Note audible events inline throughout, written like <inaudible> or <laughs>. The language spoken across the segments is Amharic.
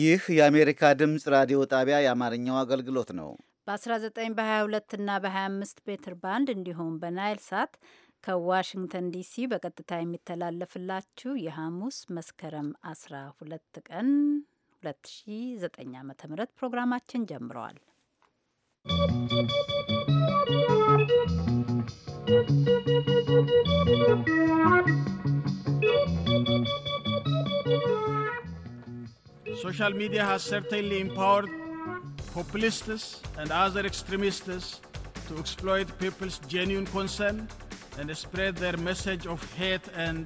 ይህ የአሜሪካ ድምፅ ራዲዮ ጣቢያ የአማርኛው አገልግሎት ነው። በ19 በ22 እና በ25 ሜትር ባንድ እንዲሁም በናይል ሳት ከዋሽንግተን ዲሲ በቀጥታ የሚተላለፍላችሁ የሐሙስ መስከረም 12 ቀን 2009 ዓ.ም ፕሮግራማችን ጀምረዋል። ¶¶ social media has certainly empowered populists and other extremists to exploit people's genuine concern and spread their message of hate and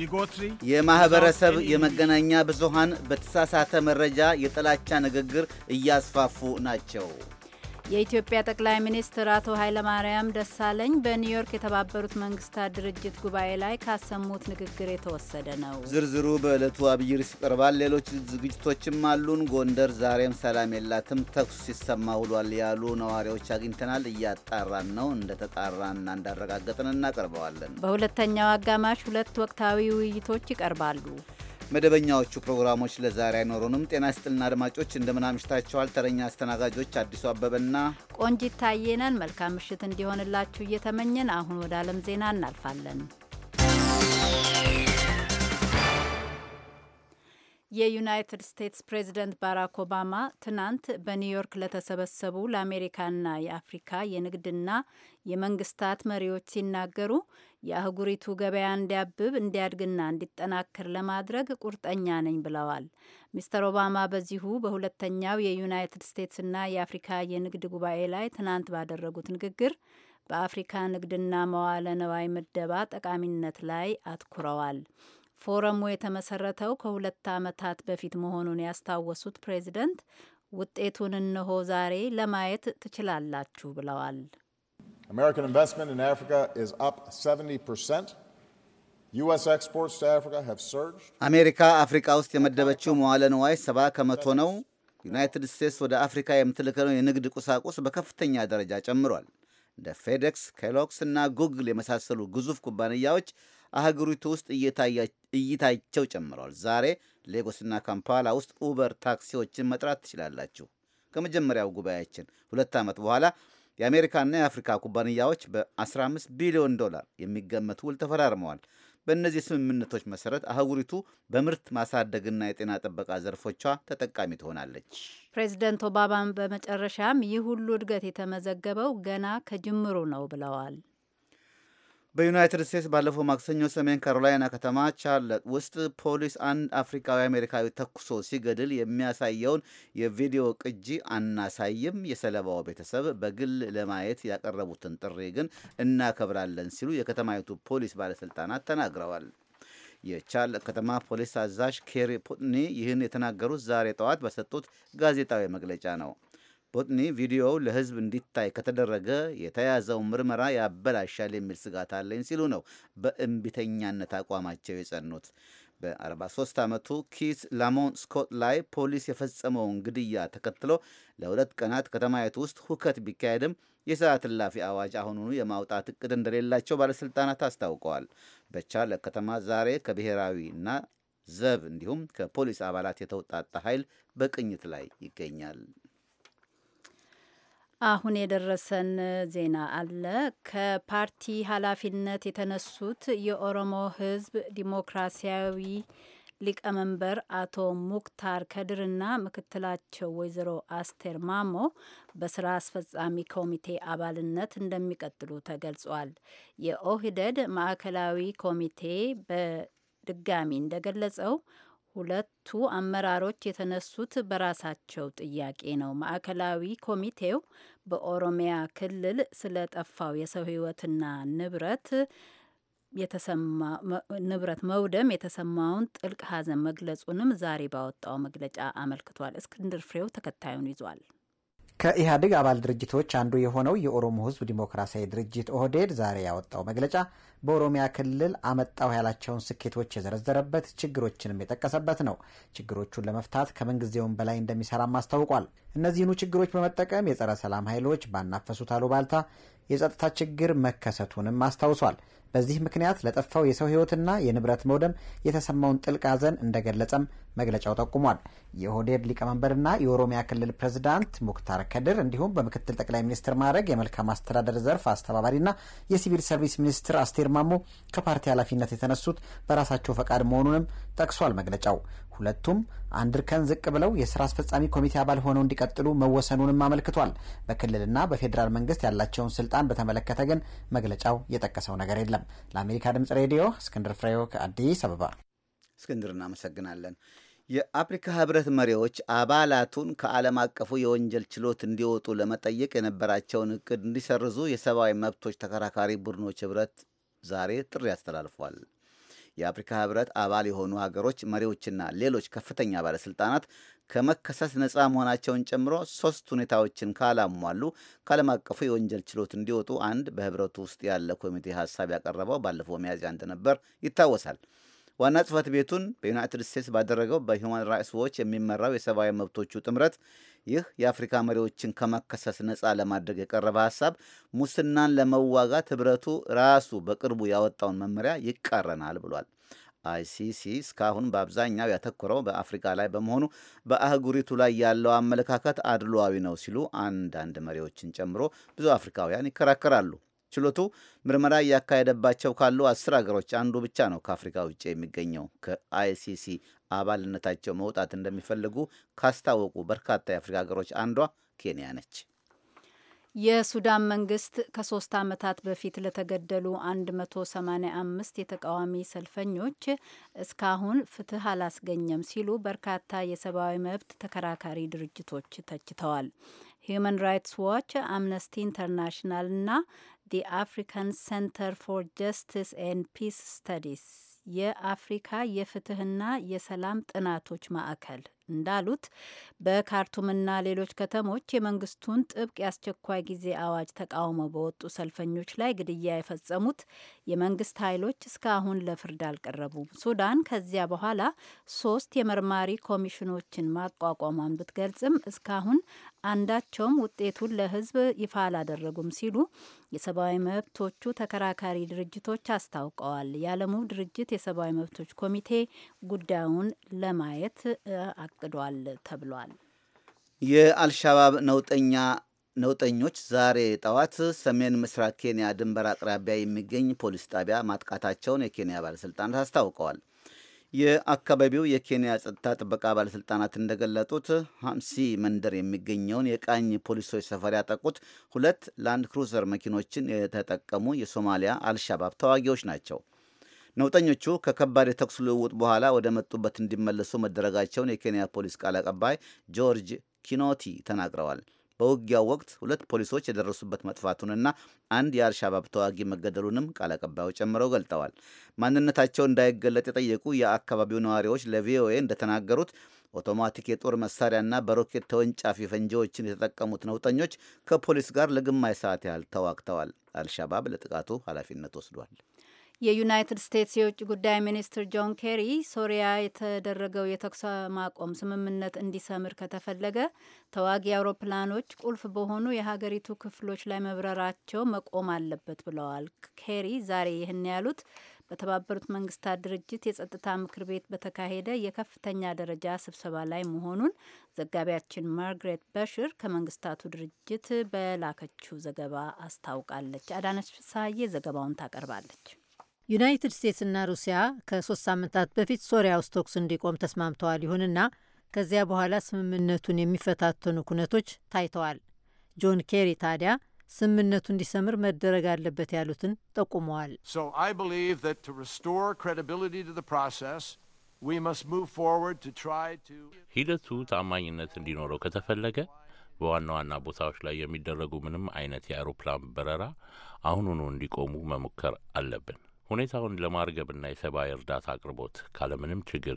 bigotry. የማህበረሰብ የመገናኛ ብዙሃን በተሳሳተ መረጃ የጥላቻ ንግግር እያስፋፉ ናቸው። የኢትዮጵያ ጠቅላይ ሚኒስትር አቶ ኃይለማርያም ደሳለኝ በኒውዮርክ የተባበሩት መንግስታት ድርጅት ጉባኤ ላይ ካሰሙት ንግግር የተወሰደ ነው። ዝርዝሩ በዕለቱ አብይ ርዕስ ይቀርባል። ሌሎች ዝግጅቶችም አሉን። ጎንደር ዛሬም ሰላም የላትም፣ ተኩስ ሲሰማ ውሏል ያሉ ነዋሪዎች አግኝተናል። እያጣራን ነው። እንደተጣራና እንዳረጋገጥን እናቀርበዋለን። በሁለተኛው አጋማሽ ሁለት ወቅታዊ ውይይቶች ይቀርባሉ። መደበኛዎቹ ፕሮግራሞች ለዛሬ አይኖሩንም። ጤና ይስጥልና አድማጮች እንደምን አምሽታችኋል? ተረኛ አስተናጋጆች አዲሱ አበበና ቆንጂት ታየ መልካም ምሽት እንዲሆንላችሁ እየተመኘን አሁን ወደ ዓለም ዜና እናልፋለን። የዩናይትድ ስቴትስ ፕሬዚደንት ባራክ ኦባማ ትናንት በኒውዮርክ ለተሰበሰቡ ለአሜሪካና የአፍሪካ የንግድና የመንግስታት መሪዎች ሲናገሩ የአህጉሪቱ ገበያ እንዲያብብ እንዲያድግና እንዲጠናከር ለማድረግ ቁርጠኛ ነኝ ብለዋል። ሚስተር ኦባማ በዚሁ በሁለተኛው የዩናይትድ ስቴትስና የአፍሪካ የንግድ ጉባኤ ላይ ትናንት ባደረጉት ንግግር በአፍሪካ ንግድና መዋለ ነዋይ ምደባ ጠቃሚነት ላይ አትኩረዋል። ፎረሙ የተመሰረተው ከሁለት ዓመታት በፊት መሆኑን ያስታወሱት ፕሬዚደንት ውጤቱን እነሆ ዛሬ ለማየት ትችላላችሁ ብለዋል። American investment in Africa is up 70%. አሜሪካ አፍሪካ ውስጥ የመደበችው መዋለ ንዋይ ሰባ ከመቶ ነው። ዩናይትድ ስቴትስ ወደ አፍሪካ የምትልከውን የንግድ ቁሳቁስ በከፍተኛ ደረጃ ጨምሯል። እንደ ፌዴክስ፣ ኬሎክስ እና ጉግል የመሳሰሉ ግዙፍ ኩባንያዎች አህጉሪቱ ውስጥ እይታቸው ጨምረዋል። ዛሬ ሌጎስና ካምፓላ ውስጥ ኡበር ታክሲዎችን መጥራት ትችላላችሁ። ከመጀመሪያው ጉባኤያችን ሁለት ዓመት በኋላ የአሜሪካና የአፍሪካ ኩባንያዎች በ15 ቢሊዮን ዶላር የሚገመት ውል ተፈራርመዋል። በእነዚህ ስምምነቶች መሰረት አህጉሪቱ በምርት ማሳደግና የጤና ጥበቃ ዘርፎቿ ተጠቃሚ ትሆናለች። ፕሬዚደንት ኦባማን በመጨረሻም ይህ ሁሉ እድገት የተመዘገበው ገና ከጅምሩ ነው ብለዋል። በዩናይትድ ስቴትስ ባለፈው ማክሰኞ ሰሜን ካሮላይና ከተማ ቻርለት ውስጥ ፖሊስ አንድ አፍሪካዊ አሜሪካዊ ተኩሶ ሲገድል የሚያሳየውን የቪዲዮ ቅጂ አናሳይም፣ የሰለባው ቤተሰብ በግል ለማየት ያቀረቡትን ጥሪ ግን እናከብራለን ሲሉ የከተማይቱ ፖሊስ ባለስልጣናት ተናግረዋል። የቻርለት ከተማ ፖሊስ አዛዥ ኬሪ ፑትኒ ይህን የተናገሩት ዛሬ ጠዋት በሰጡት ጋዜጣዊ መግለጫ ነው። ቦጥኒ ቪዲዮው ለህዝብ እንዲታይ ከተደረገ የተያዘው ምርመራ ያበላሻል የሚል ስጋት አለኝ ሲሉ ነው በእምቢተኛነት አቋማቸው የጸኑት። በ43 ዓመቱ ኪት ላሞን ስኮት ላይ ፖሊስ የፈጸመውን ግድያ ተከትሎ ለሁለት ቀናት ከተማየት ውስጥ ሁከት ቢካሄድም የሰዓት እላፊ አዋጅ አሁኑኑ የማውጣት እቅድ እንደሌላቸው ባለሥልጣናት አስታውቀዋል። በቻለ ከተማ ዛሬ ከብሔራዊና ዘብ እንዲሁም ከፖሊስ አባላት የተውጣጣ ኃይል በቅኝት ላይ ይገኛል። አሁን የደረሰን ዜና አለ። ከፓርቲ ኃላፊነት የተነሱት የኦሮሞ ሕዝብ ዲሞክራሲያዊ ሊቀመንበር አቶ ሙክታር ከድርና ምክትላቸው ወይዘሮ አስቴር ማሞ በስራ አስፈጻሚ ኮሚቴ አባልነት እንደሚቀጥሉ ተገልጿል። የኦህደድ ማዕከላዊ ኮሚቴ በድጋሚ እንደገለጸው ሁለቱ አመራሮች የተነሱት በራሳቸው ጥያቄ ነው። ማዕከላዊ ኮሚቴው በኦሮሚያ ክልል ስለጠፋው የሰው ሕይወትና ንብረት ንብረት መውደም የተሰማውን ጥልቅ ሐዘን መግለጹንም ዛሬ ባወጣው መግለጫ አመልክቷል። እስክንድር ፍሬው ተከታዩን ይዟል። ከኢህአዴግ አባል ድርጅቶች አንዱ የሆነው የኦሮሞ ህዝብ ዲሞክራሲያዊ ድርጅት ኦህዴድ ዛሬ ያወጣው መግለጫ በኦሮሚያ ክልል አመጣው ያላቸውን ስኬቶች የዘረዘረበት፣ ችግሮችንም የጠቀሰበት ነው። ችግሮቹን ለመፍታት ከምንጊዜውም በላይ እንደሚሰራም አስታውቋል። እነዚህኑ ችግሮች በመጠቀም የጸረ ሰላም ኃይሎች ባናፈሱት አሉባልታ የጸጥታ ችግር መከሰቱንም አስታውሷል። በዚህ ምክንያት ለጠፋው የሰው ህይወትና የንብረት መውደም የተሰማውን ጥልቅ ሐዘን እንደገለጸም መግለጫው ጠቁሟል። የኦህዴድ ሊቀመንበርና የኦሮሚያ ክልል ፕሬዝዳንት ሙክታር ከድር እንዲሁም በምክትል ጠቅላይ ሚኒስትር ማዕረግ የመልካም አስተዳደር ዘርፍ አስተባባሪና የሲቪል ሰርቪስ ሚኒስትር አስቴር ማሞ ከፓርቲ ኃላፊነት የተነሱት በራሳቸው ፈቃድ መሆኑንም ጠቅሷል መግለጫው። ሁለቱም አንድ እርከን ዝቅ ብለው የስራ አስፈጻሚ ኮሚቴ አባል ሆነው እንዲቀጥሉ መወሰኑንም አመልክቷል። በክልልና በፌዴራል መንግስት ያላቸውን ስልጣን በተመለከተ ግን መግለጫው የጠቀሰው ነገር የለም። እንጠይቃለን። ለአሜሪካ ድምጽ ሬዲዮ እስክንድር ፍሬው ከአዲስ አበባ። እስክንድር እናመሰግናለን። የአፍሪካ ህብረት መሪዎች አባላቱን ከዓለም አቀፉ የወንጀል ችሎት እንዲወጡ ለመጠየቅ የነበራቸውን እቅድ እንዲሰርዙ የሰብአዊ መብቶች ተከራካሪ ቡድኖች ህብረት ዛሬ ጥሪ አስተላልፏል። የአፍሪካ ህብረት አባል የሆኑ ሀገሮች መሪዎችና ሌሎች ከፍተኛ ባለስልጣናት ከመከሰስ ነፃ መሆናቸውን ጨምሮ ሶስት ሁኔታዎችን ካላሟሉ ከዓለም አቀፉ የወንጀል ችሎት እንዲወጡ አንድ በህብረቱ ውስጥ ያለ ኮሚቴ ሀሳብ ያቀረበው ባለፈው ሚያዝያ እንደነበር ይታወሳል። ዋና ጽህፈት ቤቱን በዩናይትድ ስቴትስ ባደረገው በሂውማን ራይትስ ዎች የሚመራው የሰብአዊ መብቶቹ ጥምረት ይህ የአፍሪካ መሪዎችን ከመከሰስ ነፃ ለማድረግ የቀረበ ሀሳብ ሙስናን ለመዋጋት ህብረቱ ራሱ በቅርቡ ያወጣውን መመሪያ ይቃረናል ብሏል። አይሲሲ እስካሁን በአብዛኛው ያተኮረው በአፍሪካ ላይ በመሆኑ በአህጉሪቱ ላይ ያለው አመለካከት አድሏዊ ነው ሲሉ አንዳንድ መሪዎችን ጨምሮ ብዙ አፍሪካውያን ይከራከራሉ። ችሎቱ ምርመራ እያካሄደባቸው ካሉ አስር አገሮች አንዱ ብቻ ነው ከአፍሪካ ውጭ የሚገኘው። ከአይሲሲ አባልነታቸው መውጣት እንደሚፈልጉ ካስታወቁ በርካታ የአፍሪካ ሀገሮች አንዷ ኬንያ ነች። የሱዳን መንግስት ከሶስት ዓመታት በፊት ለተገደሉ 185 የተቃዋሚ ሰልፈኞች እስካሁን ፍትህ አላስገኘም ሲሉ በርካታ የሰብአዊ መብት ተከራካሪ ድርጅቶች ተችተዋል። ሂዩማን ራይትስ ዋች፣ አምነስቲ ኢንተርናሽናል እና ዲ አፍሪካን ሴንተር ፎር ጀስቲስ ኤንድ ፒስ ስተዲስ የአፍሪካ የፍትህና የሰላም ጥናቶች ማዕከል እንዳሉት በካርቱምና ሌሎች ከተሞች የመንግስቱን ጥብቅ የአስቸኳይ ጊዜ አዋጅ ተቃውመው በወጡ ሰልፈኞች ላይ ግድያ የፈጸሙት የመንግስት ኃይሎች እስካሁን ለፍርድ አልቀረቡም። ሱዳን ከዚያ በኋላ ሶስት የመርማሪ ኮሚሽኖችን ማቋቋሟን ብትገልጽም እስካሁን አንዳቸውም ውጤቱን ለሕዝብ ይፋ አላደረጉም ሲሉ የሰብአዊ መብቶቹ ተከራካሪ ድርጅቶች አስታውቀዋል። የዓለሙ ድርጅት የሰብአዊ መብቶች ኮሚቴ ጉዳዩን ለማየት አቅዷል ተብሏል። የአልሻባብ ነውጠኛ ነውጠኞች ዛሬ ጠዋት ሰሜን ምስራቅ ኬንያ ድንበር አቅራቢያ የሚገኝ ፖሊስ ጣቢያ ማጥቃታቸውን የኬንያ ባለሥልጣናት አስታውቀዋል። የአካባቢው የኬንያ ጸጥታ ጥበቃ ባለስልጣናት እንደገለጡት ሀምሲ መንደር የሚገኘውን የቃኝ ፖሊሶች ሰፈር ያጠቁት ሁለት ላንድ ክሩዘር መኪኖችን የተጠቀሙ የሶማሊያ አልሻባብ ተዋጊዎች ናቸው። ነውጠኞቹ ከከባድ የተኩስ ልውውጥ በኋላ ወደ መጡበት እንዲመለሱ መደረጋቸውን የኬንያ ፖሊስ ቃል አቀባይ ጆርጅ ኪኖቲ ተናግረዋል። በውጊያው ወቅት ሁለት ፖሊሶች የደረሱበት መጥፋቱንና አንድ የአልሻባብ ተዋጊ መገደሉንም ቃል አቀባዩ ጨምረው ገልጠዋል። ማንነታቸው እንዳይገለጥ የጠየቁ የአካባቢው ነዋሪዎች ለቪኦኤ እንደተናገሩት ኦቶማቲክ የጦር መሳሪያና በሮኬት ተወንጫፊ ፈንጂዎችን የተጠቀሙት ነውጠኞች ከፖሊስ ጋር ለግማሽ ሰዓት ያህል ተዋግተዋል። አልሻባብ ለጥቃቱ ኃላፊነት ወስዷል። የዩናይትድ ስቴትስ የውጭ ጉዳይ ሚኒስትር ጆን ኬሪ ሶሪያ የተደረገው የተኩስ ማቆም ስምምነት እንዲሰምር ከተፈለገ ተዋጊ አውሮፕላኖች ቁልፍ በሆኑ የሀገሪቱ ክፍሎች ላይ መብረራቸው መቆም አለበት ብለዋል። ኬሪ ዛሬ ይህን ያሉት በተባበሩት መንግስታት ድርጅት የጸጥታ ምክር ቤት በተካሄደ የከፍተኛ ደረጃ ስብሰባ ላይ መሆኑን ዘጋቢያችን ማርግሬት በሽር ከመንግስታቱ ድርጅት በላከችው ዘገባ አስታውቃለች። አዳነች ፍስሀዬ ዘገባውን ታቀርባለች። ዩናይትድ ስቴትስና ሩሲያ ከሶስት ሳምንታት በፊት ሶሪያ ውስጥ ተኩስ እንዲቆም ተስማምተዋል። ይሁንና ከዚያ በኋላ ስምምነቱን የሚፈታተኑ ኩነቶች ታይተዋል። ጆን ኬሪ ታዲያ ስምምነቱ እንዲሰምር መደረግ አለበት ያሉትን ጠቁመዋል። ሂደቱ ታማኝነት እንዲኖረው ከተፈለገ በዋና ዋና ቦታዎች ላይ የሚደረጉ ምንም አይነት የአውሮፕላን በረራ አሁኑኑ እንዲቆሙ መሞከር አለብን። ሁኔታውን ለማርገብና የሰብአዊ እርዳታ አቅርቦት ካለምንም ችግር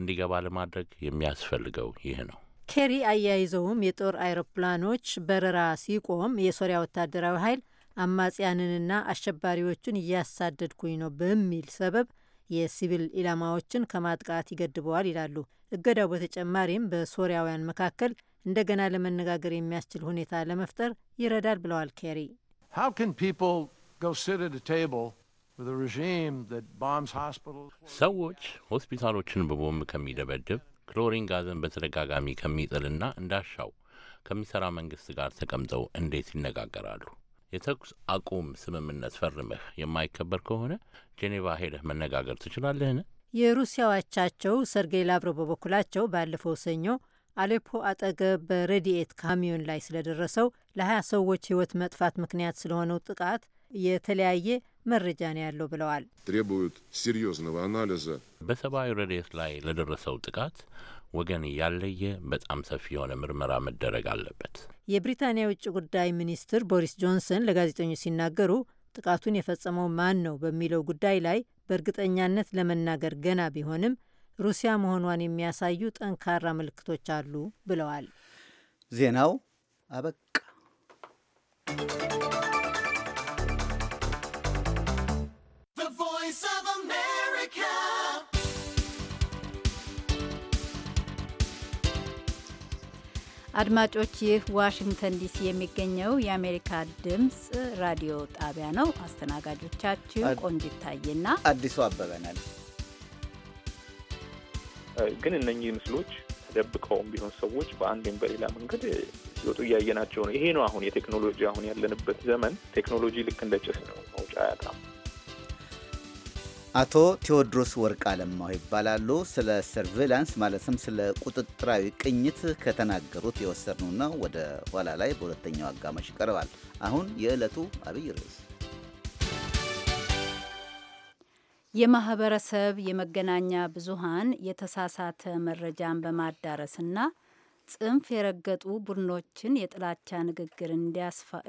እንዲገባ ለማድረግ የሚያስፈልገው ይህ ነው። ኬሪ አያይዘውም የጦር አይሮፕላኖች በረራ ሲቆም የሶሪያ ወታደራዊ ኃይል አማጽያንንና አሸባሪዎችን እያሳደድኩኝ ነው በሚል ሰበብ የሲቪል ኢላማዎችን ከማጥቃት ይገድበዋል ይላሉ። እገዳው በተጨማሪም በሶሪያውያን መካከል እንደገና ለመነጋገር የሚያስችል ሁኔታ ለመፍጠር ይረዳል ብለዋል ኬሪ ሰዎች ሆስፒታሎችን በቦምብ ከሚደበድብ ክሎሪን ጋዝን በተደጋጋሚ ከሚጥልና እንዳሻው ከሚሠራ መንግሥት ጋር ተቀምጠው እንዴት ይነጋገራሉ? የተኩስ አቁም ስምምነት ፈርመህ የማይከበር ከሆነ ጄኔቫ ሄደህ መነጋገር ትችላለህን? የሩሲያው አቻቸው ሰርጌይ ላቭሮቭ በበኩላቸው ባለፈው ሰኞ አሌፖ አጠገብ በረድኤት ካሚዮን ላይ ስለደረሰው ለሀያ ሰዎች ሕይወት መጥፋት ምክንያት ስለሆነው ጥቃት የተለያየ መረጃ ነው ያለው ብለዋል። በሰብአዊ ረድኤት ላይ ለደረሰው ጥቃት ወገን ያለየ በጣም ሰፊ የሆነ ምርመራ መደረግ አለበት። የብሪታንያ የውጭ ጉዳይ ሚኒስትር ቦሪስ ጆንሰን ለጋዜጠኞች ሲናገሩ ጥቃቱን የፈጸመው ማን ነው በሚለው ጉዳይ ላይ በእርግጠኛነት ለመናገር ገና ቢሆንም ሩሲያ መሆኗን የሚያሳዩ ጠንካራ ምልክቶች አሉ ብለዋል። ዜናው አበቃ። አድማጮች ይህ ዋሽንግተን ዲሲ የሚገኘው የአሜሪካ ድምፅ ራዲዮ ጣቢያ ነው። አስተናጋጆቻችሁ ቆንጂት ታዬና አዲሱ አበበናል። ግን እነኚህ ምስሎች ተደብቀውም ቢሆን ሰዎች በአንድም በሌላ መንገድ ሲወጡ እያየናቸው ነው። ይሄ ነው አሁን የቴክኖሎጂ አሁን ያለንበት ዘመን ቴክኖሎጂ ልክ እንደ ጭስ ነው፣ መውጫ አያጣም። አቶ ቴዎድሮስ ወርቅ አለማው ይባላሉ። ስለ ሰርቬላንስ ማለትም ስለ ቁጥጥራዊ ቅኝት ከተናገሩት የወሰድነውና ወደ ኋላ ላይ በሁለተኛው አጋማሽ ይቀርባል። አሁን የዕለቱ አብይ ርዕስ የማህበረሰብ የመገናኛ ብዙሃን የተሳሳተ መረጃን በማዳረስና ጽንፍ የረገጡ ቡድኖችን የጥላቻ ንግግር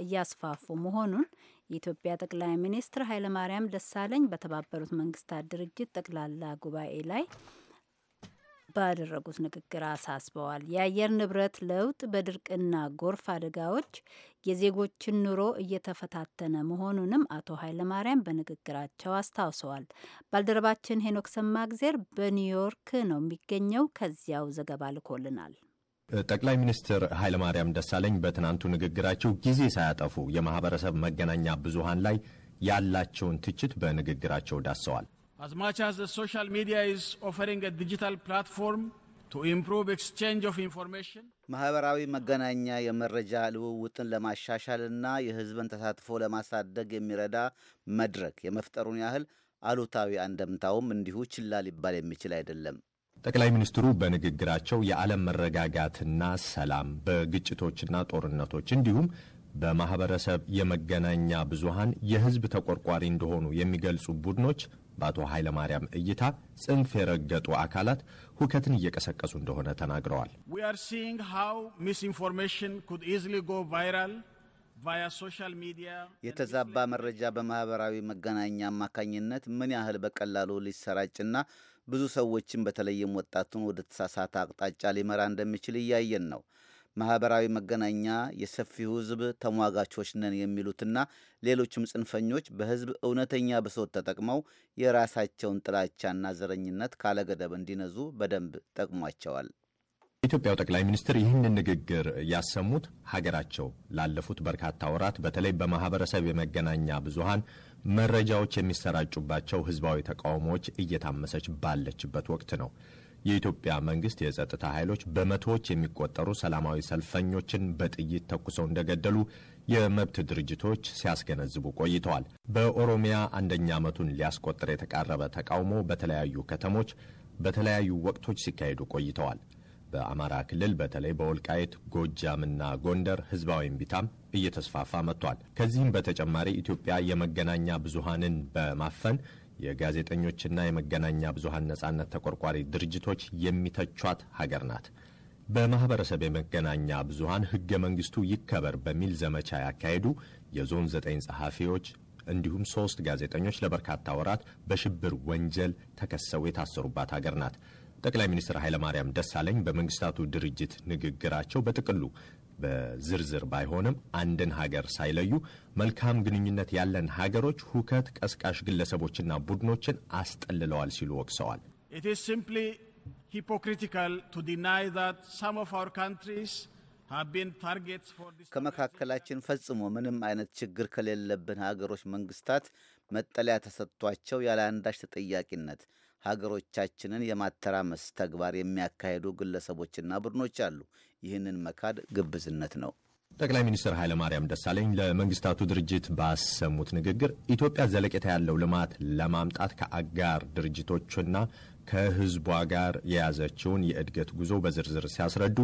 እያስፋፉ መሆኑን የኢትዮጵያ ጠቅላይ ሚኒስትር ኃይለማርያም ደሳለኝ በተባበሩት መንግስታት ድርጅት ጠቅላላ ጉባኤ ላይ ባደረጉት ንግግር አሳስበዋል። የአየር ንብረት ለውጥ በድርቅና ጎርፍ አደጋዎች የዜጎችን ኑሮ እየተፈታተነ መሆኑንም አቶ ኃይለማርያም በንግግራቸው አስታውሰዋል። ባልደረባችን ሄኖክ ሰማግዜር በኒውዮርክ ነው የሚገኘው። ከዚያው ዘገባ ልኮልናል። ጠቅላይ ሚኒስትር ኃይለማርያም ደሳለኝ በትናንቱ ንግግራቸው ጊዜ ሳያጠፉ የማህበረሰብ መገናኛ ብዙሃን ላይ ያላቸውን ትችት በንግግራቸው ዳሰዋል። as much as the social media is offering a digital platform ማህበራዊ መገናኛ የመረጃ ልውውጥን ለማሻሻልና የህዝብን ተሳትፎ ለማሳደግ የሚረዳ መድረክ የመፍጠሩን ያህል አሉታዊ አንደምታውም እንዲሁ ችላ ሊባል የሚችል አይደለም። ጠቅላይ ሚኒስትሩ በንግግራቸው የዓለም መረጋጋትና ሰላም በግጭቶችና ጦርነቶች እንዲሁም በማኅበረሰብ የመገናኛ ብዙሃን የሕዝብ ተቆርቋሪ እንደሆኑ የሚገልጹ ቡድኖች በአቶ ኃይለማርያም እይታ ጽንፍ የረገጡ አካላት ሁከትን እየቀሰቀሱ እንደሆነ ተናግረዋል። የተዛባ መረጃ በማኅበራዊ መገናኛ አማካኝነት ምን ያህል በቀላሉ ሊሰራጭና ብዙ ሰዎችን በተለይም ወጣቱን ወደ ተሳሳተ አቅጣጫ ሊመራ እንደሚችል እያየን ነው። ማህበራዊ መገናኛ የሰፊው ሕዝብ ተሟጋቾች ነን የሚሉትና ሌሎችም ጽንፈኞች በሕዝብ እውነተኛ ብሶት ተጠቅመው የራሳቸውን ጥላቻና ዘረኝነት ካለገደብ እንዲነዙ በደንብ ጠቅሟቸዋል። የኢትዮጵያው ጠቅላይ ሚኒስትር ይህንን ንግግር ያሰሙት ሀገራቸው ላለፉት በርካታ ወራት በተለይ በማህበረሰብ የመገናኛ ብዙሃን መረጃዎች የሚሰራጩባቸው ህዝባዊ ተቃውሞዎች እየታመሰች ባለችበት ወቅት ነው የኢትዮጵያ መንግስት የጸጥታ ኃይሎች በመቶዎች የሚቆጠሩ ሰላማዊ ሰልፈኞችን በጥይት ተኩሰው እንደገደሉ የመብት ድርጅቶች ሲያስገነዝቡ ቆይተዋል። በኦሮሚያ አንደኛ ዓመቱን ሊያስቆጥር የተቃረበ ተቃውሞ በተለያዩ ከተሞች በተለያዩ ወቅቶች ሲካሄዱ ቆይተዋል። በአማራ ክልል በተለይ በወልቃየት ጎጃምና ጎንደር ህዝባዊ እምቢታም እየተስፋፋ መጥቷል። ከዚህም በተጨማሪ ኢትዮጵያ የመገናኛ ብዙሃንን በማፈን የጋዜጠኞችና የመገናኛ ብዙሃን ነጻነት ተቆርቋሪ ድርጅቶች የሚተቿት ሀገር ናት። በማህበረሰብ የመገናኛ ብዙሃን ህገ መንግስቱ ይከበር በሚል ዘመቻ ያካሄዱ የዞን ዘጠኝ ጸሐፊዎች እንዲሁም ሶስት ጋዜጠኞች ለበርካታ ወራት በሽብር ወንጀል ተከሰው የታሰሩባት ሀገር ናት። ጠቅላይ ሚኒስትር ኃይለማርያም ደሳለኝ በመንግስታቱ ድርጅት ንግግራቸው በጥቅሉ በዝርዝር ባይሆንም አንድን ሀገር ሳይለዩ መልካም ግንኙነት ያለን ሀገሮች ሁከት ቀስቃሽ ግለሰቦችና ቡድኖችን አስጠልለዋል ሲሉ ወቅሰዋል። It is simply hypocritical to deny that ከመካከላችን ፈጽሞ ምንም አይነት ችግር ከሌለብን ሀገሮች መንግስታት መጠለያ ተሰጥቷቸው ያለ አንዳች ተጠያቂነት ሀገሮቻችንን የማተራመስ ተግባር የሚያካሄዱ ግለሰቦችና ቡድኖች አሉ። ይህንን መካድ ግብዝነት ነው። ጠቅላይ ሚኒስትር ኃይለማርያም ደሳለኝ ለመንግስታቱ ድርጅት ባሰሙት ንግግር ኢትዮጵያ ዘለቄታ ያለው ልማት ለማምጣት ከአጋር ድርጅቶችና ከህዝቧ ጋር የያዘችውን የእድገት ጉዞ በዝርዝር ሲያስረዱ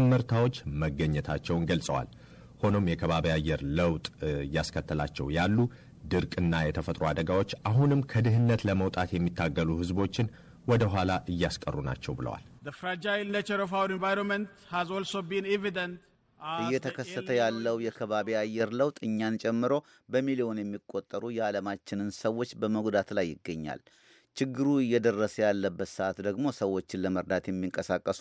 እመርታዎች መገኘታቸውን ገልጸዋል። ሆኖም የከባቢ አየር ለውጥ እያስከተላቸው ያሉ ድርቅና የተፈጥሮ አደጋዎች አሁንም ከድህነት ለመውጣት የሚታገሉ ህዝቦችን ወደ ኋላ እያስቀሩ ናቸው ብለዋል። እየተከሰተ ያለው የከባቢ አየር ለውጥ እኛን ጨምሮ በሚሊዮን የሚቆጠሩ የዓለማችንን ሰዎች በመጉዳት ላይ ይገኛል። ችግሩ እየደረሰ ያለበት ሰዓት ደግሞ ሰዎችን ለመርዳት የሚንቀሳቀሱ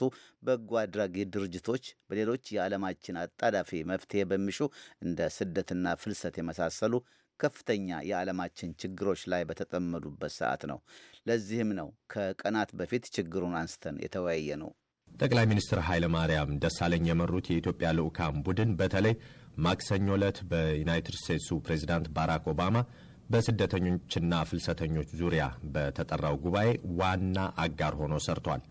በጎ አድራጊ ድርጅቶች በሌሎች የዓለማችን አጣዳፊ መፍትሄ በሚሹ እንደ ስደትና ፍልሰት የመሳሰሉ ከፍተኛ የዓለማችን ችግሮች ላይ በተጠመዱበት ሰዓት ነው። ለዚህም ነው ከቀናት በፊት ችግሩን አንስተን የተወያየ ነው። ጠቅላይ ሚኒስትር ኃይለ ማርያም ደሳለኝ የመሩት የኢትዮጵያ ልዑካን ቡድን በተለይ ማክሰኞ ዕለት በዩናይትድ ስቴትሱ ፕሬዚዳንት ባራክ ኦባማ በስደተኞችና ፍልሰተኞች ዙሪያ በተጠራው ጉባኤ ዋና አጋር ሆኖ ሰርቷል።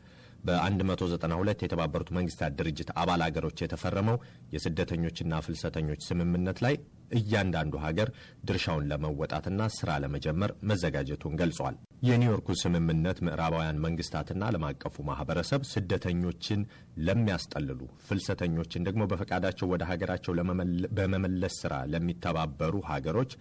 በ192 የተባበሩት መንግስታት ድርጅት አባል አገሮች የተፈረመው የስደተኞችና ፍልሰተኞች ስምምነት ላይ እያንዳንዱ ሀገር ድርሻውን ለመወጣትና ስራ ለመጀመር መዘጋጀቱን ገልጿል። የኒውዮርኩ ስምምነት ምዕራባውያን መንግስታትና ዓለም አቀፉ ማህበረሰብ ስደተኞችን ለሚያስጠልሉ፣ ፍልሰተኞችን ደግሞ በፈቃዳቸው ወደ ሀገራቸው በመመለስ ስራ ለሚተባበሩ ሀገሮች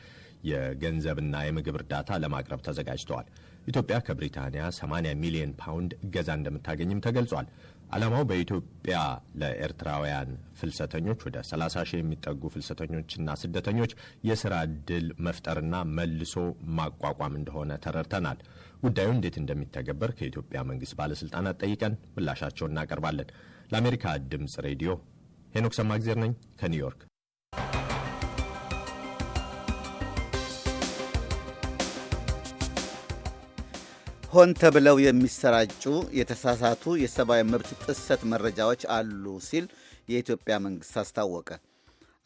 የገንዘብና የምግብ እርዳታ ለማቅረብ ተዘጋጅተዋል። ኢትዮጵያ ከብሪታንያ 80 ሚሊዮን ፓውንድ እገዛ እንደምታገኝም ተገልጿል። ዓላማው በኢትዮጵያ ለኤርትራውያን ፍልሰተኞች ወደ 30 ሺህ የሚጠጉ ፍልሰተኞችና ስደተኞች የስራ ዕድል መፍጠርና መልሶ ማቋቋም እንደሆነ ተረድተናል። ጉዳዩ እንዴት እንደሚተገበር ከኢትዮጵያ መንግሥት ባለሥልጣናት ጠይቀን ምላሻቸውን እናቀርባለን። ለአሜሪካ ድምፅ ሬዲዮ ሄኖክ ሰማግዜር ነኝ ከኒውዮርክ። ሆን ተብለው የሚሰራጩ የተሳሳቱ የሰብአዊ መብት ጥሰት መረጃዎች አሉ ሲል የኢትዮጵያ መንግስት አስታወቀ።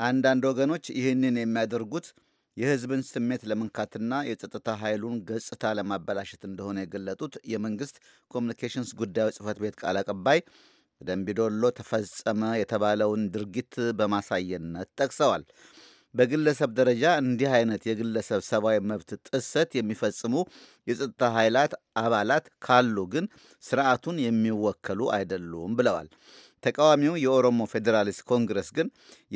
አንዳንድ ወገኖች ይህንን የሚያደርጉት የሕዝብን ስሜት ለመንካትና የጸጥታ ኃይሉን ገጽታ ለማበላሸት እንደሆነ የገለጡት የመንግስት ኮሚኒኬሽንስ ጉዳዮች ጽህፈት ቤት ቃል አቀባይ ደንቢዶሎ ተፈጸመ የተባለውን ድርጊት በማሳየነት ጠቅሰዋል። በግለሰብ ደረጃ እንዲህ አይነት የግለሰብ ሰብአዊ መብት ጥሰት የሚፈጽሙ የጸጥታ ኃይላት አባላት ካሉ ግን ስርዓቱን የሚወከሉ አይደሉም ብለዋል። ተቃዋሚው የኦሮሞ ፌዴራሊስት ኮንግረስ ግን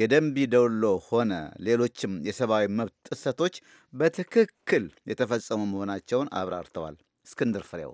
የደንቢ ደውሎ ሆነ ሌሎችም የሰብአዊ መብት ጥሰቶች በትክክል የተፈጸሙ መሆናቸውን አብራርተዋል። እስክንድር ፍሬው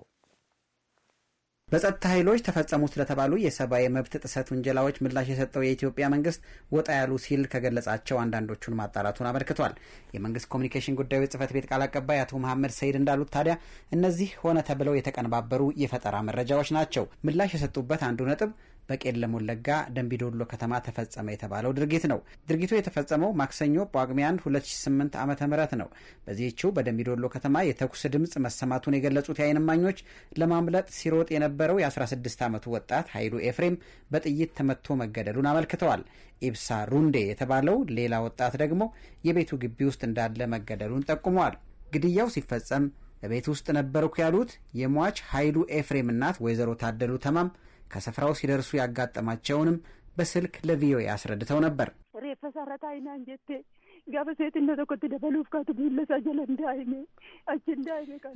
በጸጥታ ኃይሎች ተፈጸሙ ስለተባሉ የሰብአዊ መብት ጥሰት ውንጀላዎች ምላሽ የሰጠው የኢትዮጵያ መንግስት ወጣ ያሉ ሲል ከገለጻቸው አንዳንዶቹን ማጣራቱን አመልክቷል። የመንግስት ኮሚኒኬሽን ጉዳዮች ጽህፈት ቤት ቃል አቀባይ አቶ መሐመድ ሰይድ እንዳሉት ታዲያ እነዚህ ሆነ ተብለው የተቀነባበሩ የፈጠራ መረጃዎች ናቸው። ምላሽ የሰጡበት አንዱ ነጥብ በቄለም ወለጋ ደንቢዶሎ ከተማ ተፈጸመ የተባለው ድርጊት ነው። ድርጊቱ የተፈጸመው ማክሰኞ ጳጉሜ 1 2008 ዓ ም ነው። በዚህችው በደንቢዶሎ ከተማ የተኩስ ድምፅ መሰማቱን የገለጹት የአይን እማኞች ለማምለጥ ሲሮጥ የነበረው የ16 ዓመቱ ወጣት ኃይሉ ኤፍሬም በጥይት ተመቶ መገደሉን አመልክተዋል። ኢብሳ ሩንዴ የተባለው ሌላ ወጣት ደግሞ የቤቱ ግቢ ውስጥ እንዳለ መገደሉን ጠቁመዋል። ግድያው ሲፈጸም በቤት ውስጥ ነበርኩ ያሉት የሟች ኃይሉ ኤፍሬም እናት ወይዘሮ ታደሉ ተማም ከስፍራው ሲደርሱ ያጋጠማቸውንም በስልክ ለቪኦኤ አስረድተው ነበር።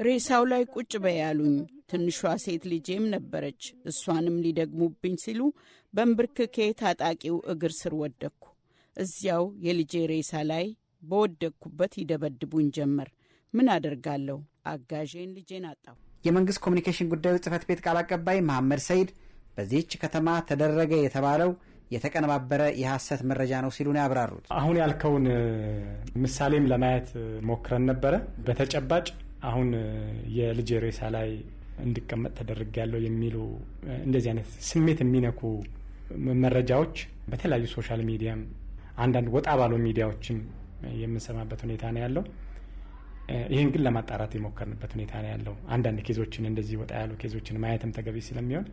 ሬሳው ላይ ቁጭ በያሉኝ ትንሿ ሴት ልጄም ነበረች። እሷንም ሊደግሙብኝ ሲሉ በንብርክኬ ታጣቂው እግር ስር ወደቅኩ። እዚያው የልጄ ሬሳ ላይ በወደቅኩበት ይደበድቡኝ ጀመር። ምን አደርጋለሁ? አጋዤን ልጄን አጣሁ። የመንግስት ኮሚኒኬሽን ጉዳዮች ጽህፈት ቤት ቃል አቀባይ መሐመድ ሰይድ በዚህች ከተማ ተደረገ የተባለው የተቀነባበረ የሐሰት መረጃ ነው ሲሉ ነው ያብራሩት። አሁን ያልከውን ምሳሌም ለማየት ሞክረን ነበረ። በተጨባጭ አሁን የልጅ ሬሳ ላይ እንዲቀመጥ ተደርግ ያለው የሚሉ እንደዚህ አይነት ስሜት የሚነኩ መረጃዎች በተለያዩ ሶሻል ሚዲያም አንዳንድ ወጣ ባሉ ሚዲያዎችም የምንሰማበት ሁኔታ ነው ያለው። ይህን ግን ለማጣራት የሞከርንበት ሁኔታ ነው ያለው። አንዳንድ ኬዞችን እንደዚህ ወጣ ያሉ ኬዞችን ማየትም ተገቢ ስለሚሆን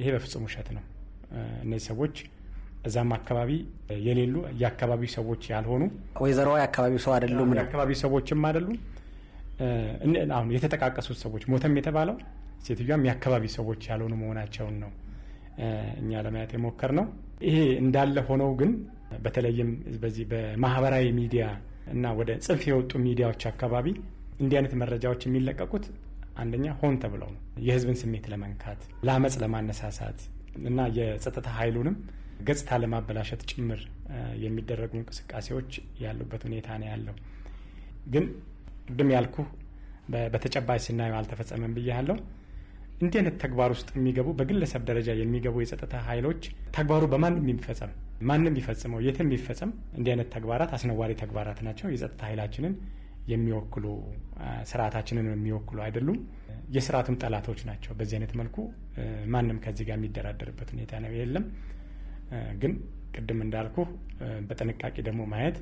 ይሄ በፍጹም ውሸት ነው። እነዚህ ሰዎች እዛም አካባቢ የሌሉ የአካባቢው ሰዎች ያልሆኑ ወይዘሮ የአካባቢው ሰው አይደሉም፣ የአካባቢው ሰዎችም አይደሉም። አሁን የተጠቃቀሱት ሰዎች ሞተም የተባለው ሴትዮዋም የአካባቢ ሰዎች ያልሆኑ መሆናቸውን ነው እኛ ለማየት የሞከር ነው። ይሄ እንዳለ ሆነው ግን በተለይም በዚህ በማህበራዊ ሚዲያ እና ወደ ጽንፍ የወጡ ሚዲያዎች አካባቢ እንዲህ አይነት መረጃዎች የሚለቀቁት አንደኛ ሆን ተብለው ነው የህዝብን ስሜት ለመንካት ለአመፅ ለማነሳሳት እና የጸጥታ ኃይሉንም ገጽታ ለማበላሸት ጭምር የሚደረጉ እንቅስቃሴዎች ያሉበት ሁኔታ ነው ያለው። ግን ቅድም ያልኩ በተጨባጭ ስናየው አልተፈጸመም ብዬ ያለው እንዲህ አይነት ተግባር ውስጥ የሚገቡ በግለሰብ ደረጃ የሚገቡ የጸጥታ ኃይሎች ተግባሩ በማንም የሚፈጸም ማንም ቢፈጽመው የትም የሚፈጸም እንዲህ አይነት ተግባራት አስነዋሪ ተግባራት ናቸው። የጸጥታ ኃይላችንን የሚወክሉ ስርዓታችንን የሚወክሉ አይደሉም። የስርዓቱም ጠላቶች ናቸው። በዚህ አይነት መልኩ ማንም ከዚህ ጋር የሚደራደርበት ሁኔታ ነው የለም። ግን ቅድም እንዳልኩ በጥንቃቄ ደግሞ ማየት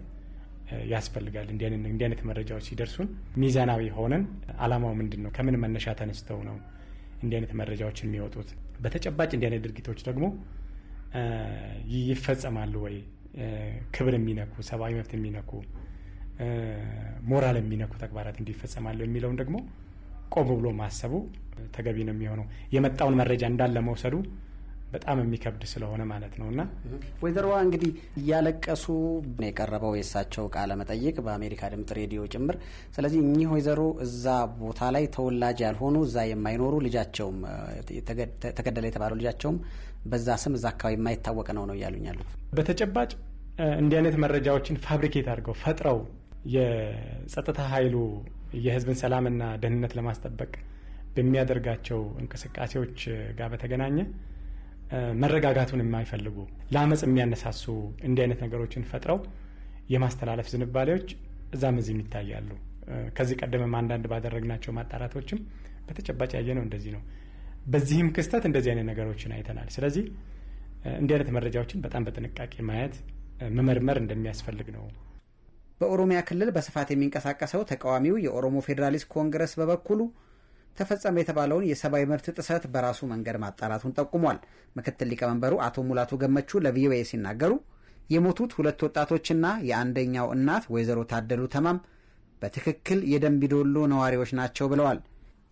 ያስፈልጋል። እንዲህ አይነት መረጃዎች ሲደርሱን ሚዛናዊ ሆነን አላማው ምንድን ነው፣ ከምን መነሻ ተነስተው ነው እንዲህ አይነት መረጃዎች የሚወጡት፣ በተጨባጭ እንዲህ አይነት ድርጊቶች ደግሞ ይፈጸማሉ ወይ፣ ክብር የሚነኩ ሰብአዊ መብት የሚነኩ ሞራል የሚነኩ ተግባራት እንዲፈጸማሉ የሚለውን ደግሞ ቆም ብሎ ማሰቡ ተገቢ ነው የሚሆነው። የመጣውን መረጃ እንዳለ መውሰዱ በጣም የሚከብድ ስለሆነ ማለት ነው እና ወይዘሮዋ እንግዲህ እያለቀሱ የቀረበው የእሳቸው ቃለ መጠይቅ በአሜሪካ ድምጽ ሬዲዮ ጭምር። ስለዚህ እኚህ ወይዘሮ እዛ ቦታ ላይ ተወላጅ ያልሆኑ እዛ የማይኖሩ ልጃቸውም ተገደለ የተባለው ልጃቸውም በዛ ስም እዛ አካባቢ የማይታወቅ ነው ነው እያሉኝ ያሉት። በተጨባጭ እንዲህ አይነት መረጃዎችን ፋብሪኬት አድርገው ፈጥረው የጸጥታ ኃይሉ የህዝብን ሰላምና ደህንነት ለማስጠበቅ በሚያደርጋቸው እንቅስቃሴዎች ጋር በተገናኘ መረጋጋቱን የማይፈልጉ ለአመፅ የሚያነሳሱ እንዲህ አይነት ነገሮችን ፈጥረው የማስተላለፍ ዝንባሌዎች እዛም እዚህም ይታያሉ። ከዚህ ቀደምም አንዳንድ ባደረግናቸው ማጣራቶችም በተጨባጭ ነው። እንደዚህ ነው። በዚህም ክስተት እንደዚህ አይነት ነገሮችን አይተናል። ስለዚህ እንዲህ አይነት መረጃዎችን በጣም በጥንቃቄ ማየት መመርመር እንደሚያስፈልግ ነው በኦሮሚያ ክልል በስፋት የሚንቀሳቀሰው ተቃዋሚው የኦሮሞ ፌዴራሊስት ኮንግረስ በበኩሉ ተፈጸመ የተባለውን የሰብአዊ መብት ጥሰት በራሱ መንገድ ማጣራቱን ጠቁሟል። ምክትል ሊቀመንበሩ አቶ ሙላቱ ገመቹ ለቪኦኤ ሲናገሩ የሞቱት ሁለት ወጣቶችና የአንደኛው እናት ወይዘሮ ታደሉ ተማም በትክክል የደንቢዶሎ ነዋሪዎች ናቸው ብለዋል።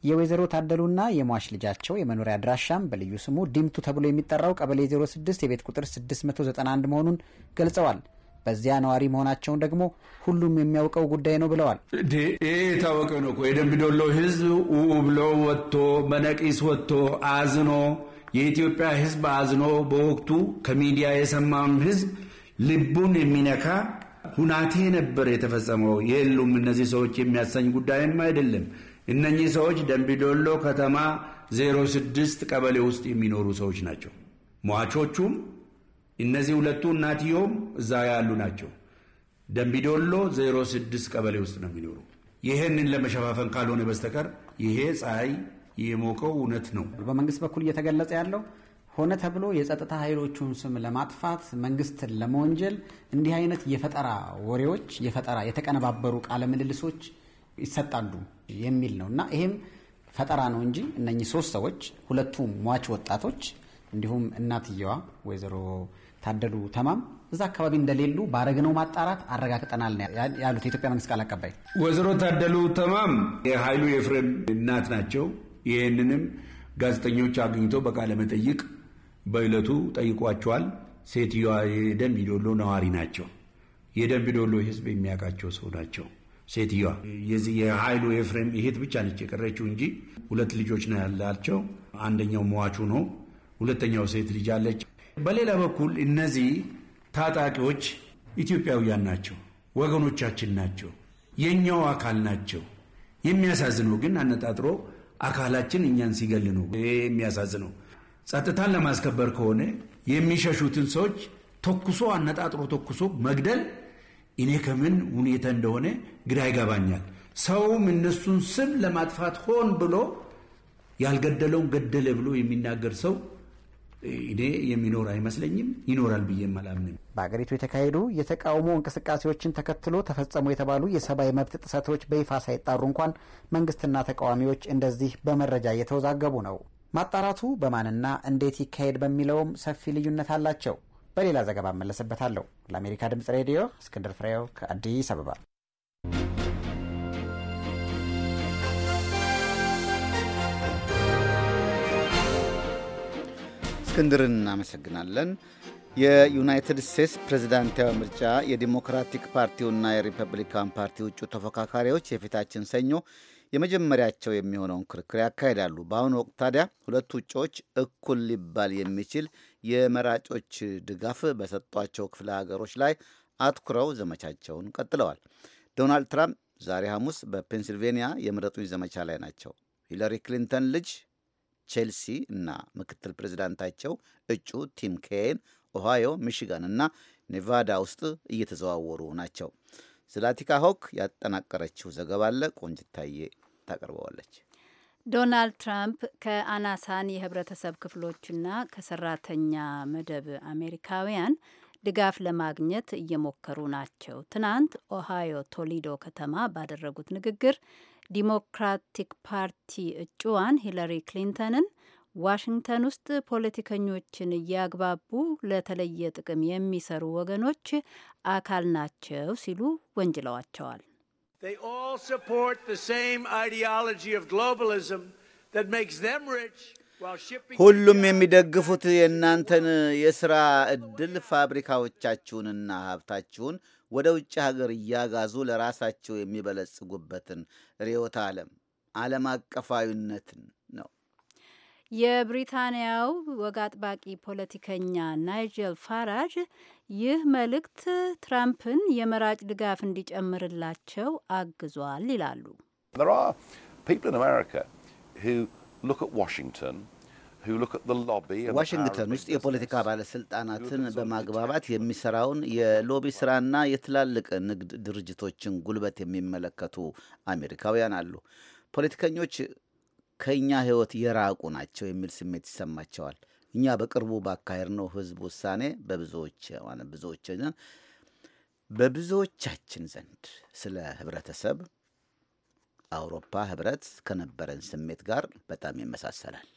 የወይዘሮ ታደሉና የሟች ልጃቸው የመኖሪያ አድራሻም በልዩ ስሙ ዲምቱ ተብሎ የሚጠራው ቀበሌ 06 የቤት ቁጥር 691 መሆኑን ገልጸዋል። በዚያ ነዋሪ መሆናቸውን ደግሞ ሁሉም የሚያውቀው ጉዳይ ነው ብለዋል። ይህ የታወቀ ነው እኮ የደምቢ ዶሎ ሕዝብ ብሎ ወጥቶ በነቂስ ወጥቶ አዝኖ የኢትዮጵያ ህዝብ አዝኖ በወቅቱ ከሚዲያ የሰማም ህዝብ ልቡን የሚነካ ሁናቴ ነበር የተፈጸመው። የሉም እነዚህ ሰዎች የሚያሰኝ ጉዳይም አይደለም። እነኚህ ሰዎች ደምቢዶሎ ከተማ 06 ቀበሌ ውስጥ የሚኖሩ ሰዎች ናቸው። ሟቾቹም እነዚህ ሁለቱ እናትዮም እዛ ያሉ ናቸው። ደምቢዶሎ 06 ቀበሌ ውስጥ ነው የሚኖሩ። ይህንን ለመሸፋፈን ካልሆነ በስተቀር ይሄ ፀሐይ የሞቀው እውነት ነው። በመንግስት በኩል እየተገለጸ ያለው ሆነ ተብሎ የጸጥታ ኃይሎቹን ስም ለማጥፋት መንግስትን ለመወንጀል እንዲህ አይነት የፈጠራ ወሬዎች፣ የፈጠራ የተቀነባበሩ ቃለ ምልልሶች ይሰጣሉ የሚል ነው እና ይሄም ፈጠራ ነው እንጂ እነኚህ ሶስት ሰዎች ሁለቱ ሟች ወጣቶች እንዲሁም እናትየዋ ወይዘሮ ታደሉ ተማም እዛ አካባቢ እንደሌሉ ባረግነው ማጣራት አረጋግጠናል ያሉት የኢትዮጵያ መንግስት ቃል አቀባይ ወይዘሮ ታደሉ ተማም የኃይሉ የፍሬም እናት ናቸው። ይህንንም ጋዜጠኞች አግኝቶ በቃለ መጠይቅ በዕለቱ ጠይቋቸዋል። ሴትዮዋ ዶሎ ነዋሪ ናቸው። ዶሎ ህዝብ የሚያውቃቸው ሰው ናቸው። ሴትዮዋ የዚህ የኃይሉ የፍሬም እህት ብቻ ነች የቀረችው እንጂ ሁለት ልጆች ነው ያላቸው። አንደኛው መዋቹ ነው። ሁለተኛው ሴት ልጅ አለች። በሌላ በኩል እነዚህ ታጣቂዎች ኢትዮጵያውያን ናቸው፣ ወገኖቻችን ናቸው፣ የእኛው አካል ናቸው። የሚያሳዝነው ግን አነጣጥሮ አካላችን እኛን ሲገል ነው። ይሄ የሚያሳዝነው ጸጥታን ለማስከበር ከሆነ የሚሸሹትን ሰዎች ተኩሶ አነጣጥሮ ተኩሶ መግደል እኔ ከምን ሁኔታ እንደሆነ ግራ ይገባኛል። ሰውም እነሱን ስም ለማጥፋት ሆን ብሎ ያልገደለውን ገደለ ብሎ የሚናገር ሰው እኔ የሚኖር አይመስለኝም፣ ይኖራል ብዬ አላምንም። በአገሪቱ የተካሄዱ የተቃውሞ እንቅስቃሴዎችን ተከትሎ ተፈጸሙ የተባሉ የሰብአዊ መብት ጥሰቶች በይፋ ሳይጣሩ እንኳን መንግስትና ተቃዋሚዎች እንደዚህ በመረጃ እየተወዛገቡ ነው። ማጣራቱ በማንና እንዴት ይካሄድ በሚለውም ሰፊ ልዩነት አላቸው። በሌላ ዘገባ እመለስበታለሁ። ለአሜሪካ ድምጽ ሬዲዮ እስክንድር ፍሬው ከአዲስ አበባ እስክንድርን እናመሰግናለን። የዩናይትድ ስቴትስ ፕሬዝዳንታዊ ምርጫ የዲሞክራቲክ ፓርቲውና የሪፐብሊካን ፓርቲ እጩ ተፎካካሪዎች የፊታችን ሰኞ የመጀመሪያቸው የሚሆነውን ክርክር ያካሂዳሉ። በአሁኑ ወቅት ታዲያ ሁለቱ ውጪዎች እኩል ሊባል የሚችል የመራጮች ድጋፍ በሰጧቸው ክፍለ ሀገሮች ላይ አትኩረው ዘመቻቸውን ቀጥለዋል። ዶናልድ ትራምፕ ዛሬ ሐሙስ በፔንሲልቬንያ የምረጡኝ ዘመቻ ላይ ናቸው። ሂለሪ ክሊንተን ልጅ ቼልሲ እና ምክትል ፕሬዚዳንታቸው እጩ ቲም ኬይን ኦሃዮ፣ ሚሽጋን እና ኔቫዳ ውስጥ እየተዘዋወሩ ናቸው። ዝላቲካ ሆክ ያጠናቀረችው ዘገባ አለ። ቆንጅታዬ ታቀርበዋለች። ዶናልድ ትራምፕ ከአናሳን የህብረተሰብ ክፍሎችና ከሰራተኛ መደብ አሜሪካውያን ድጋፍ ለማግኘት እየሞከሩ ናቸው። ትናንት ኦሃዮ ቶሊዶ ከተማ ባደረጉት ንግግር ዲሞክራቲክ ፓርቲ እጩዋን ሂለሪ ክሊንተንን ዋሽንግተን ውስጥ ፖለቲከኞችን እያግባቡ ለተለየ ጥቅም የሚሰሩ ወገኖች አካል ናቸው ሲሉ ወንጅለዋቸዋል። ሁሉም የሚደግፉት የእናንተን የሥራ ዕድል ፋብሪካዎቻችሁንና ሀብታችሁን ወደ ውጭ ሀገር እያጋዙ ለራሳቸው የሚበለጽጉበትን ርዕዮተ ዓለም ዓለም አቀፋዊነትን ነው። የብሪታንያው ወግ አጥባቂ ፖለቲከኛ ናይጀል ፋራጅ ይህ መልእክት ትራምፕን የመራጭ ድጋፍ እንዲጨምርላቸው አግዟል ይላሉ። ዋሽንግተን ውስጥ የፖለቲካ ባለስልጣናትን በማግባባት የሚሰራውን የሎቢ ስራና የትላልቅ ንግድ ድርጅቶችን ጉልበት የሚመለከቱ አሜሪካውያን አሉ። ፖለቲከኞች ከእኛ ህይወት የራቁ ናቸው የሚል ስሜት ይሰማቸዋል። እኛ በቅርቡ ባካሄድ ነው ህዝብ ውሳኔ በብዙዎች ብዙዎች በብዙዎቻችን ዘንድ ስለ ህብረተሰብ አውሮፓ ህብረት ከነበረን ስሜት ጋር በጣም ይመሳሰላል።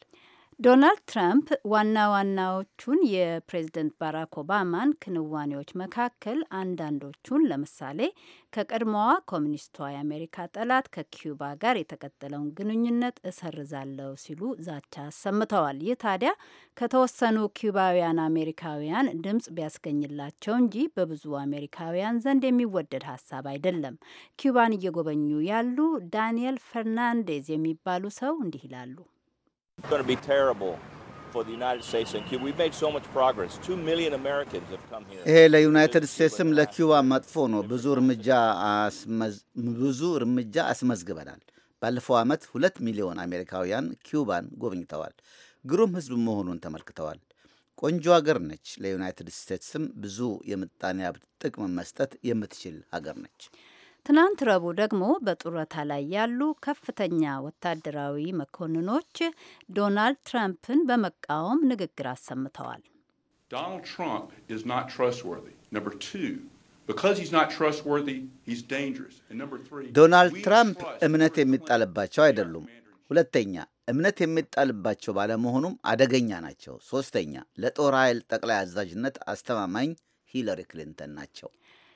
ዶናልድ ትራምፕ ዋና ዋናዎቹን የፕሬዝደንት ባራክ ኦባማን ክንዋኔዎች መካከል አንዳንዶቹን ለምሳሌ ከቀድሞዋ ኮሚኒስቷ የአሜሪካ ጠላት ከኪዩባ ጋር የተቀጠለውን ግንኙነት እሰርዛለሁ ሲሉ ዛቻ አሰምተዋል። ይህ ታዲያ ከተወሰኑ ኪዩባውያን አሜሪካውያን ድምጽ ቢያስገኝላቸው እንጂ በብዙ አሜሪካውያን ዘንድ የሚወደድ ሀሳብ አይደለም። ኪዩባን እየጎበኙ ያሉ ዳንኤል ፈርናንዴዝ የሚባሉ ሰው እንዲህ ይላሉ። ይሄ ለዩናይትድ ስቴትስም ለኪዩባ መጥፎ ነው። ብዙ እርምጃ አስመዝግበናል። ባለፈው ዓመት ሁለት ሚሊዮን አሜሪካውያን ኪዩባን ጎብኝተዋል። ግሩም ሕዝብ መሆኑን ተመልክተዋል። ቆንጆ ሀገር ነች። ለዩናይትድ ስቴትስም ብዙ የምጣኔ ሀብት ጥቅም መስጠት የምትችል ሀገር ነች። ትናንት ረቡዕ ደግሞ በጡረታ ላይ ያሉ ከፍተኛ ወታደራዊ መኮንኖች ዶናልድ ትራምፕን በመቃወም ንግግር አሰምተዋል። ዶናልድ ትራምፕ እምነት የሚጣልባቸው አይደሉም። ሁለተኛ እምነት የሚጣልባቸው ባለመሆኑም አደገኛ ናቸው። ሶስተኛ ለጦር ኃይል ጠቅላይ አዛዥነት አስተማማኝ ሂለሪ ክሊንተን ናቸው።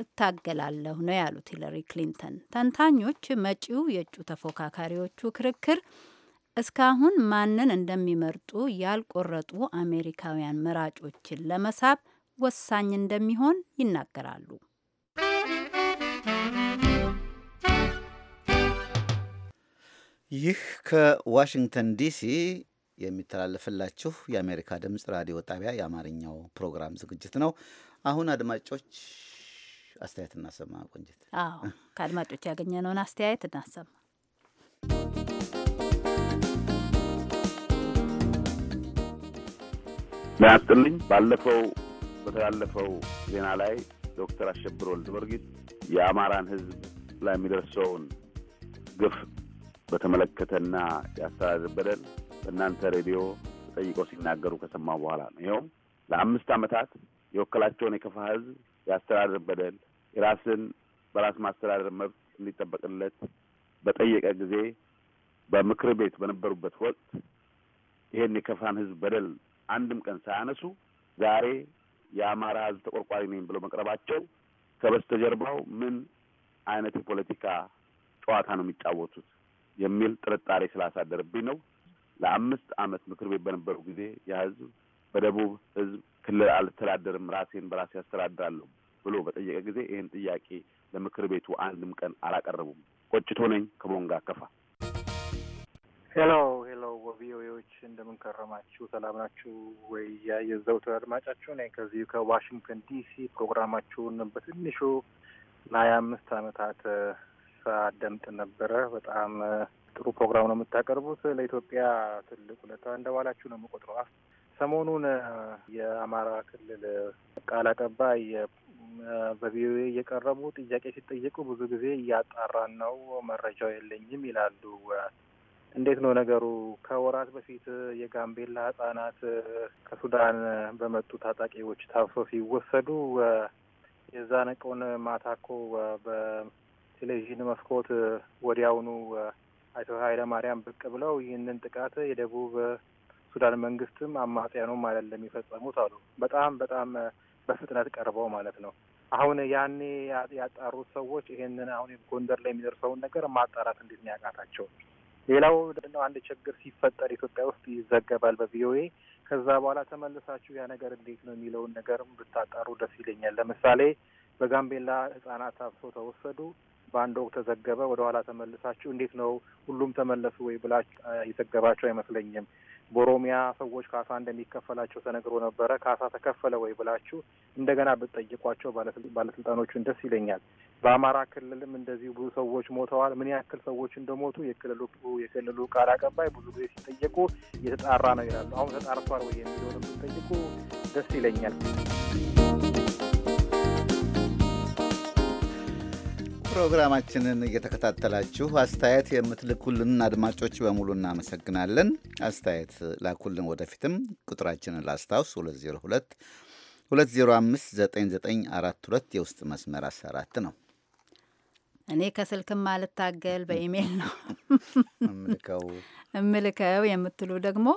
እታገላለሁ ነው ያሉት ሂለሪ ክሊንተን። ተንታኞች መጪው የእጩ ተፎካካሪዎቹ ክርክር እስካሁን ማንን እንደሚመርጡ ያልቆረጡ አሜሪካውያን መራጮችን ለመሳብ ወሳኝ እንደሚሆን ይናገራሉ። ይህ ከዋሽንግተን ዲሲ የሚተላለፍላችሁ የአሜሪካ ድምፅ ራዲዮ ጣቢያ የአማርኛው ፕሮግራም ዝግጅት ነው። አሁን አድማጮች አስተያየት እናሰማ። ቆንጅት፣ አዎ ከአድማጮች ያገኘነውን አስተያየት እናሰማ። ያስጥልኝ ባለፈው በተላለፈው ዜና ላይ ዶክተር አሸብር ወልድ ጊዮርጊስ የአማራን ሕዝብ ላይ የሚደርሰውን ግፍ በተመለከተና የአስተዳደር በደል በእናንተ ሬዲዮ ተጠይቀው ሲናገሩ ከሰማ በኋላ ነው። ይኸውም ለአምስት ዓመታት የወከላቸውን የከፋ ሕዝብ የአስተዳደር በደል የራስን በራስ ማስተዳደር መብት እንዲጠበቅለት በጠየቀ ጊዜ በምክር ቤት በነበሩበት ወቅት ይሄን የከፋን ህዝብ በደል አንድም ቀን ሳያነሱ ዛሬ የአማራ ህዝብ ተቆርቋሪ ነኝ ብለው መቅረባቸው ከበስተጀርባው ምን አይነት የፖለቲካ ጨዋታ ነው የሚጫወቱት የሚል ጥርጣሬ ስላሳደርብኝ ነው። ለአምስት አመት ምክር ቤት በነበሩ ጊዜ የህዝብ በደቡብ ህዝብ ክልል አልተዳደርም ራሴን በራሴ ያስተዳድራለሁ ብሎ በጠየቀ ጊዜ ይህን ጥያቄ ለምክር ቤቱ አንድም ቀን አላቀረቡም። ቆጭቶ ነኝ ከቦንጋ ከፋ። ሄሎ ሄሎ፣ ቪኦኤዎች እንደምን ከረማችሁ? ሰላም ናችሁ ወይ? ያየዘውት አድማጫችሁ ነኝ ከዚህ ከዋሽንግተን ዲሲ። ፕሮግራማችሁን በትንሹ ለሀያ አምስት አመታት ሳደምጥ ነበረ። በጣም ጥሩ ፕሮግራም ነው የምታቀርቡት። ለኢትዮጵያ ትልቅ ሁለታ እንደዋላችሁ ነው የምቆጥረው። ሰሞኑን የአማራ ክልል ቃል አቀባይ በቪኦኤ እየቀረቡ ጥያቄ ሲጠየቁ ብዙ ጊዜ እያጣራን ነው፣ መረጃው የለኝም ይላሉ። እንዴት ነው ነገሩ? ከወራት በፊት የጋምቤላ ህጻናት ከሱዳን በመጡ ታጣቂዎች ታፍሰው ሲወሰዱ የዛ ነቀውን ማታ እኮ በቴሌቪዥን መስኮት ወዲያውኑ አቶ ኃይለ ማርያም ብቅ ብለው ይህንን ጥቃት የደቡብ ሱዳን መንግስትም አማጽያኑም አይደለም የፈጸሙት አሉ። በጣም በጣም በፍጥነት ቀርበው ማለት ነው። አሁን ያኔ ያጣሩት ሰዎች ይሄንን አሁን ጎንደር ላይ የሚደርሰውን ነገር ማጣራት እንዴት ያቃታቸው? ሌላው ደግሞ አንድ ችግር ሲፈጠር ኢትዮጵያ ውስጥ ይዘገባል በቪኦኤ። ከዛ በኋላ ተመልሳችሁ ያ ነገር እንዴት ነው የሚለውን ነገርም ብታጣሩ ደስ ይለኛል። ለምሳሌ በጋምቤላ ህጻናት ታፍሶ ተወሰዱ፣ በአንድ ወቅት ተዘገበ። ወደ ኋላ ተመልሳችሁ እንዴት ነው ሁሉም ተመለሱ ወይ ብላችሁ የዘገባችሁ አይመስለኝም። በኦሮሚያ ሰዎች ካሳ እንደሚከፈላቸው ተነግሮ ነበረ። ካሳ ተከፈለ ወይ ብላችሁ እንደገና ብትጠይቋቸው ባለስልጣኖቹን ደስ ይለኛል። በአማራ ክልልም እንደዚሁ ብዙ ሰዎች ሞተዋል። ምን ያክል ሰዎች እንደሞቱ የክልሉ የክልሉ ቃል አቀባይ ብዙ ጊዜ ሲጠየቁ እየተጣራ ነው ይላሉ። አሁን ተጣርቷል ወይ የሚለውን ብትጠይቁ ደስ ይለኛል። ፕሮግራማችንን እየተከታተላችሁ አስተያየት የምትልኩልን አድማጮች በሙሉ እናመሰግናለን። አስተያየት ላኩልን። ወደፊትም ቁጥራችንን ላስታውስ 202 2059942 የውስጥ መስመር 14 ነው። እኔ ከስልክም አልታገል በኢሜይል ነው እምልከው እምልከው የምትሉ ደግሞ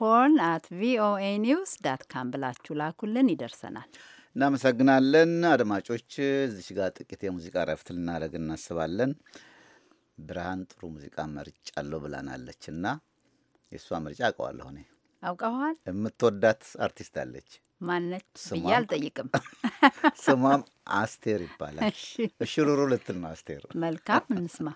ሆርን አት ቪኦኤ ኒውስ ዳት ካም ብላችሁ ላኩልን፣ ይደርሰናል። እናመሰግናለን አድማጮች። እዚህ ጋር ጥቂት የሙዚቃ ረፍት ልናደርግ እናስባለን። ብርሃን ጥሩ ሙዚቃ መርጫለሁ ብላናለች እና የእሷ ምርጫ አውቀዋለሁ እኔ አውቀዋል። የምትወዳት አርቲስት አለች ማነች ብዬ አልጠይቅም። ስሟም አስቴር ይባላል። እሽሩሩ ልትል ነው አስቴር። መልካም እንስማ።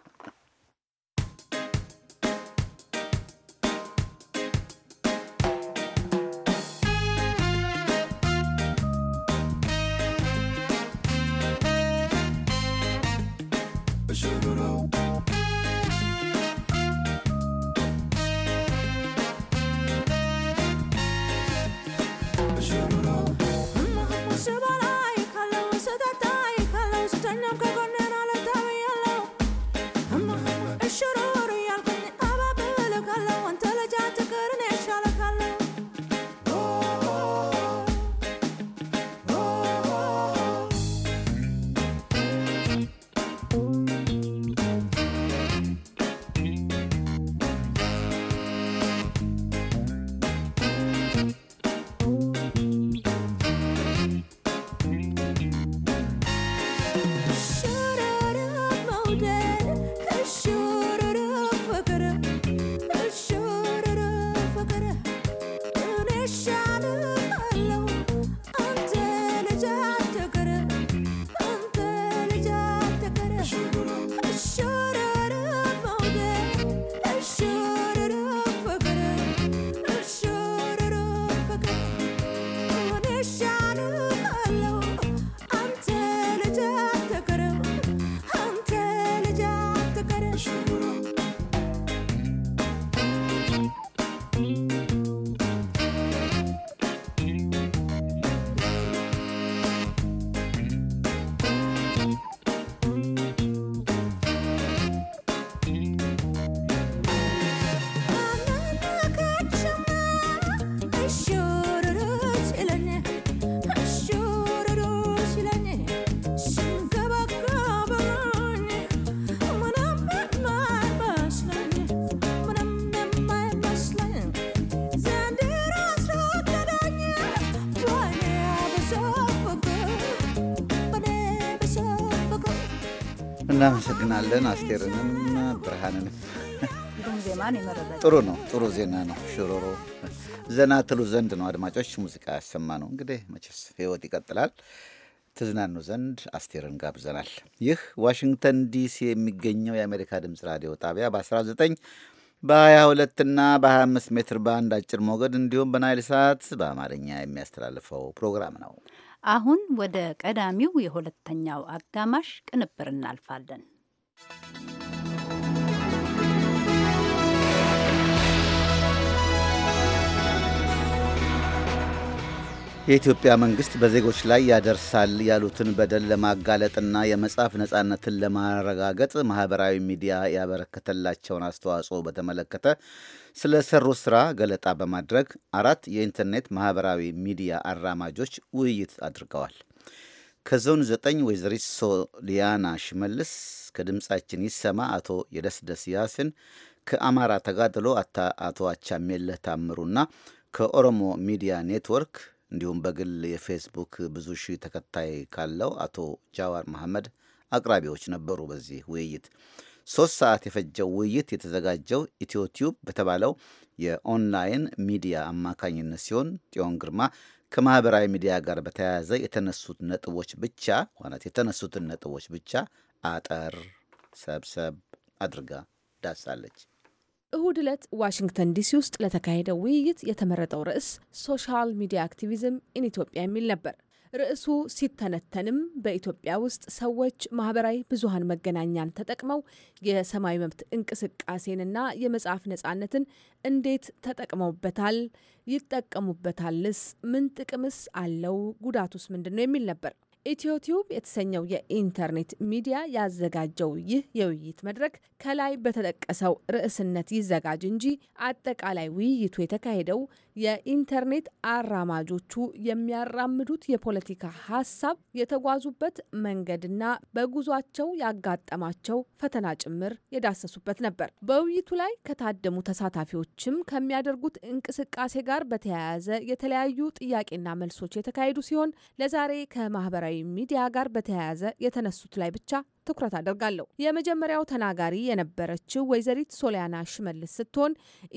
እናመሰግናለን። አስቴርንም ብርሃንን። ጥሩ ነው፣ ጥሩ ዜና ነው። ሽሮሮ ዘና ትሉ ዘንድ ነው አድማጮች ሙዚቃ ያሰማ ነው። እንግዲህ መቼስ ህይወት ይቀጥላል። ትዝናኑ ዘንድ አስቴርን ጋብዘናል። ይህ ዋሽንግተን ዲሲ የሚገኘው የአሜሪካ ድምፅ ራዲዮ ጣቢያ በ19 በ22 እና በ25 ሜትር ባንድ አጭር ሞገድ እንዲሁም በናይል ሰዓት በአማርኛ የሚያስተላልፈው ፕሮግራም ነው። አሁን ወደ ቀዳሚው የሁለተኛው አጋማሽ ቅንብር እናልፋለን። የኢትዮጵያ መንግስት በዜጎች ላይ ያደርሳል ያሉትን በደል ለማጋለጥና የመጻፍ ነጻነትን ለማረጋገጥ ማህበራዊ ሚዲያ ያበረከተላቸውን አስተዋጽኦ በተመለከተ ስለ ሰሩ ስራ ገለጣ በማድረግ አራት የኢንተርኔት ማህበራዊ ሚዲያ አራማጆች ውይይት አድርገዋል። ከዞን ዘጠኝ ወይዘሪት ሶሊያና ሽመልስ ከድምፃችን ይሰማ አቶ የደስደስ ያስን ከአማራ ተጋድሎ አቶ አቻሜለህ ታምሩና ከኦሮሞ ሚዲያ ኔትወርክ እንዲሁም በግል የፌስቡክ ብዙ ሺህ ተከታይ ካለው አቶ ጃዋር መሐመድ አቅራቢዎች ነበሩ። በዚህ ውይይት ሶስት ሰዓት የፈጀው ውይይት የተዘጋጀው ኢትዮቲዩብ በተባለው የኦንላይን ሚዲያ አማካኝነት ሲሆን ጽዮን ግርማ ከማህበራዊ ሚዲያ ጋር በተያያዘ የተነሱት ነጥቦች ብቻ ማለት የተነሱትን ነጥቦች ብቻ አጠር ሰብሰብ አድርጋ ዳሳለች። እሁድ ዕለት ዋሽንግተን ዲሲ ውስጥ ለተካሄደው ውይይት የተመረጠው ርዕስ ሶሻል ሚዲያ አክቲቪዝም ኢን ኢትዮጵያ የሚል ነበር። ርዕሱ ሲተነተንም በኢትዮጵያ ውስጥ ሰዎች ማህበራዊ ብዙሀን መገናኛን ተጠቅመው የሰማዊ መብት እንቅስቃሴንና የመጽሐፍ ነጻነትን እንዴት ተጠቅመውበታል? ይጠቀሙበታልስ? ምን ጥቅምስ አለው? ጉዳቱስ ምንድን ነው? የሚል ነበር። ኢትዮቲዩብ የተሰኘው የኢንተርኔት ሚዲያ ያዘጋጀው ይህ የውይይት መድረክ ከላይ በተጠቀሰው ርዕስነት ይዘጋጅ እንጂ አጠቃላይ ውይይቱ የተካሄደው የኢንተርኔት አራማጆቹ የሚያራምዱት የፖለቲካ ሀሳብ የተጓዙበት መንገድና በጉዟቸው ያጋጠማቸው ፈተና ጭምር የዳሰሱበት ነበር። በውይይቱ ላይ ከታደሙ ተሳታፊዎችም ከሚያደርጉት እንቅስቃሴ ጋር በተያያዘ የተለያዩ ጥያቄና መልሶች የተካሄዱ ሲሆን ለዛሬ ከማህበራዊ ማህበራዊ ሚዲያ ጋር በተያያዘ የተነሱት ላይ ብቻ ትኩረት አደርጋለሁ። የመጀመሪያው ተናጋሪ የነበረችው ወይዘሪት ሶሊያና ሽመልስ ስትሆን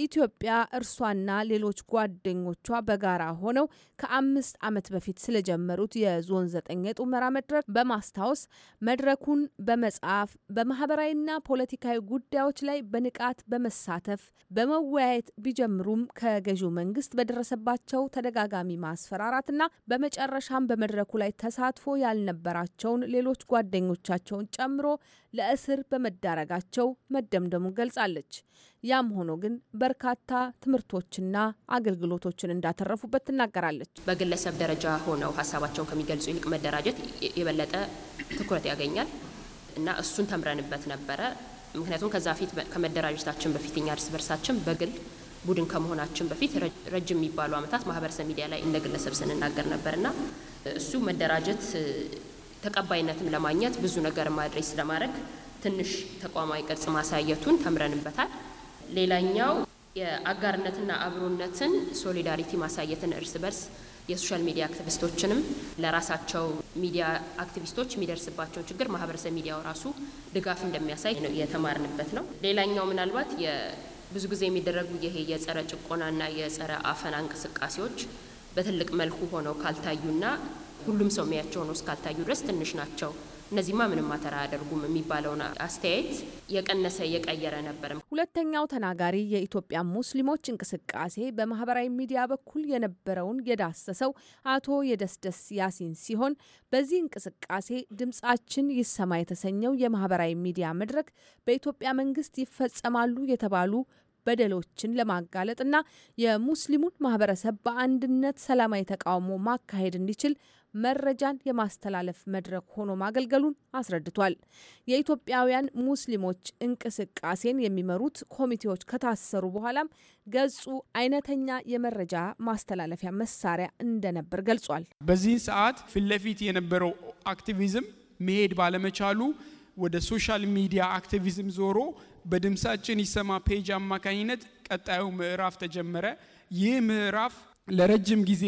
ኢትዮጵያ እርሷና ሌሎች ጓደኞቿ በጋራ ሆነው ከአምስት ዓመት በፊት ስለጀመሩት የዞን ዘጠኝ የጡመራ መድረክ በማስታወስ መድረኩን በመጻፍ በማህበራዊና ፖለቲካዊ ጉዳዮች ላይ በንቃት በመሳተፍ በመወያየት ቢጀምሩም ከገዢው መንግስት በደረሰባቸው ተደጋጋሚ ማስፈራራትና በመጨረሻም በመድረኩ ላይ ተሳትፎ ያልነበራቸውን ሌሎች ጓደኞቻቸውን ጨምሮ ለእስር በመዳረጋቸው መደምደሙን ገልጻለች። ያም ሆኖ ግን በርካታ ትምህርቶችና አገልግሎቶችን እንዳተረፉበት ትናገራለች። በግለሰብ ደረጃ ሆነው ሀሳባቸውን ከሚገልጹ ይልቅ መደራጀት የበለጠ ትኩረት ያገኛል እና እሱን ተምረንበት ነበረ። ምክንያቱም ከዛ ፊት ከመደራጀታችን በፊት እኛ እርስ በርሳችን በግል ቡድን ከመሆናችን በፊት ረጅም የሚባሉ ዓመታት ማህበረሰብ ሚዲያ ላይ እንደ ግለሰብ ስንናገር ነበርና እሱ መደራጀት ተቀባይነትም ለማግኘት ብዙ ነገር ማድረስ ለማድረግ ትንሽ ተቋማዊ ቅርጽ ማሳየቱን ተምረንበታል። ሌላኛው የአጋርነትና አብሮነትን ሶሊዳሪቲ ማሳየትን እርስ በርስ የሶሻል ሚዲያ አክቲቪስቶችንም ለራሳቸው ሚዲያ አክቲቪስቶች የሚደርስባቸውን ችግር ማህበረሰብ ሚዲያው ራሱ ድጋፍ እንደሚያሳይ ነው የተማርንበት ነው። ሌላኛው ምናልባት ብዙ ጊዜ የሚደረጉ ይሄ የጸረ ጭቆናና የጸረ አፈና እንቅስቃሴዎች በትልቅ መልኩ ሆነው ካልታዩና ሁሉም ሰው የሚያቸው ነው እስካልታዩ ድረስ ትንሽ ናቸው። እነዚህማ ምንም አተራ አያደርጉም የሚባለውን አስተያየት የቀነሰ የቀየረ ነበርም። ሁለተኛው ተናጋሪ የኢትዮጵያ ሙስሊሞች እንቅስቃሴ በማህበራዊ ሚዲያ በኩል የነበረውን የዳሰሰው አቶ የደስደስ ያሲን ሲሆን በዚህ እንቅስቃሴ ድምጻችን ይሰማ የተሰኘው የማህበራዊ ሚዲያ መድረክ በኢትዮጵያ መንግስት ይፈጸማሉ የተባሉ በደሎችን ለማጋለጥና የሙስሊሙን ማህበረሰብ በአንድነት ሰላማዊ ተቃውሞ ማካሄድ እንዲችል መረጃን የማስተላለፍ መድረክ ሆኖ ማገልገሉን አስረድቷል። የኢትዮጵያውያን ሙስሊሞች እንቅስቃሴን የሚመሩት ኮሚቴዎች ከታሰሩ በኋላም ገጹ አይነተኛ የመረጃ ማስተላለፊያ መሳሪያ እንደነበር ገልጿል። በዚህ ሰዓት ፊት ለፊት የነበረው አክቲቪዝም መሄድ ባለመቻሉ ወደ ሶሻል ሚዲያ አክቲቪዝም ዞሮ በድምሳችን ይሰማ ፔጅ አማካኝነት ቀጣዩ ምዕራፍ ተጀመረ። ይህ ምዕራፍ ለረጅም ጊዜ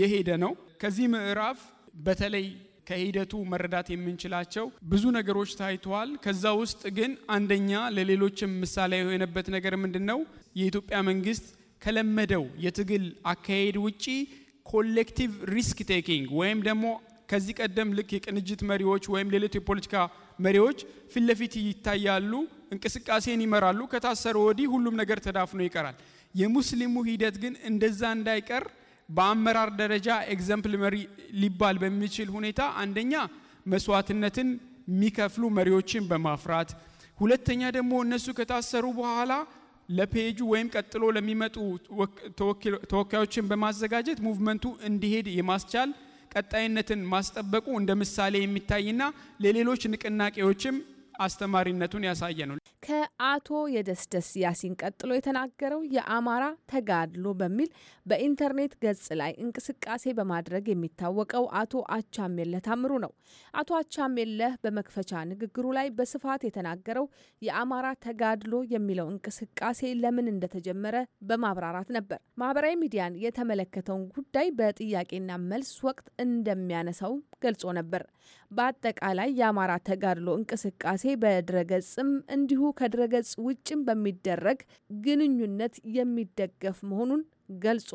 የሄደ ነው። ከዚህ ምዕራፍ በተለይ ከሂደቱ መረዳት የምንችላቸው ብዙ ነገሮች ታይተዋል። ከዛ ውስጥ ግን አንደኛ ለሌሎችም ምሳሌ የሆነበት ነገር ምንድን ነው? የኢትዮጵያ መንግስት ከለመደው የትግል አካሄድ ውጪ ኮሌክቲቭ ሪስክ ቴኪንግ ወይም ደግሞ ከዚህ ቀደም ልክ የቅንጅት መሪዎች ወይም ሌሎች የፖለቲካ መሪዎች ፊት ለፊት ይታያሉ፣ እንቅስቃሴን ይመራሉ። ከታሰሩ ወዲህ ሁሉም ነገር ተዳፍኖ ይቀራል። የሙስሊሙ ሂደት ግን እንደዛ እንዳይቀር በአመራር ደረጃ ኤግዘምፕል መሪ ሊባል በሚችል ሁኔታ አንደኛ መስዋዕትነትን የሚከፍሉ መሪዎችን በማፍራት ሁለተኛ ደግሞ እነሱ ከታሰሩ በኋላ ለፔጁ ወይም ቀጥሎ ለሚመጡ ተወካዮችን በማዘጋጀት ሙቭመንቱ እንዲሄድ የማስቻል ቀጣይነትን ማስጠበቁ እንደ ምሳሌ የሚታይና ለሌሎች ንቅናቄዎችም አስተማሪነቱን ያሳየ ነው። ከአቶ የደስደስ ያሲን ቀጥሎ የተናገረው የአማራ ተጋድሎ በሚል በኢንተርኔት ገጽ ላይ እንቅስቃሴ በማድረግ የሚታወቀው አቶ አቻሜለህ ታምሩ ነው። አቶ አቻሜለህ በመክፈቻ ንግግሩ ላይ በስፋት የተናገረው የአማራ ተጋድሎ የሚለው እንቅስቃሴ ለምን እንደተጀመረ በማብራራት ነበር። ማህበራዊ ሚዲያን የተመለከተውን ጉዳይ በጥያቄና መልስ ወቅት እንደሚያነሳው ገልጾ ነበር። በአጠቃላይ የአማራ ተጋድሎ እንቅስቃሴ በድረገጽም እንዲሁ ከድረገጽ ውጭም በሚደረግ ግንኙነት የሚደገፍ መሆኑን ገልጾ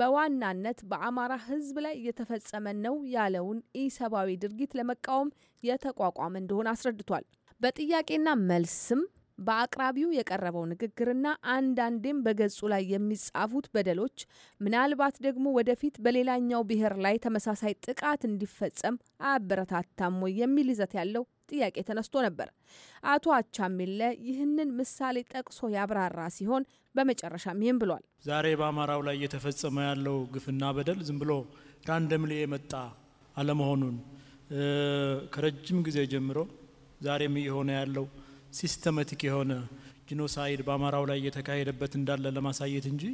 በዋናነት በአማራ ሕዝብ ላይ እየተፈጸመ ነው ያለውን ኢሰብአዊ ድርጊት ለመቃወም የተቋቋመ እንደሆነ አስረድቷል። በጥያቄና መልስም በአቅራቢው የቀረበው ንግግርና አንዳንዴም በገጹ ላይ የሚጻፉት በደሎች ምናልባት ደግሞ ወደፊት በሌላኛው ብሔር ላይ ተመሳሳይ ጥቃት እንዲፈጸም አያበረታታም ወይ የሚል ይዘት ያለው ጥያቄ ተነስቶ ነበር። አቶ አቻሚለ ይህንን ምሳሌ ጠቅሶ ያብራራ ሲሆን በመጨረሻም ይህም ብሏል። ዛሬ በአማራው ላይ እየተፈጸመ ያለው ግፍና በደል ዝም ብሎ ራንደምሊ የመጣ አለመሆኑን ከረጅም ጊዜ ጀምሮ ዛሬም እየሆነ ያለው ሲስተማቲክ የሆነ ጂኖሳይድ በአማራው ላይ እየተካሄደበት እንዳለ ለማሳየት እንጂ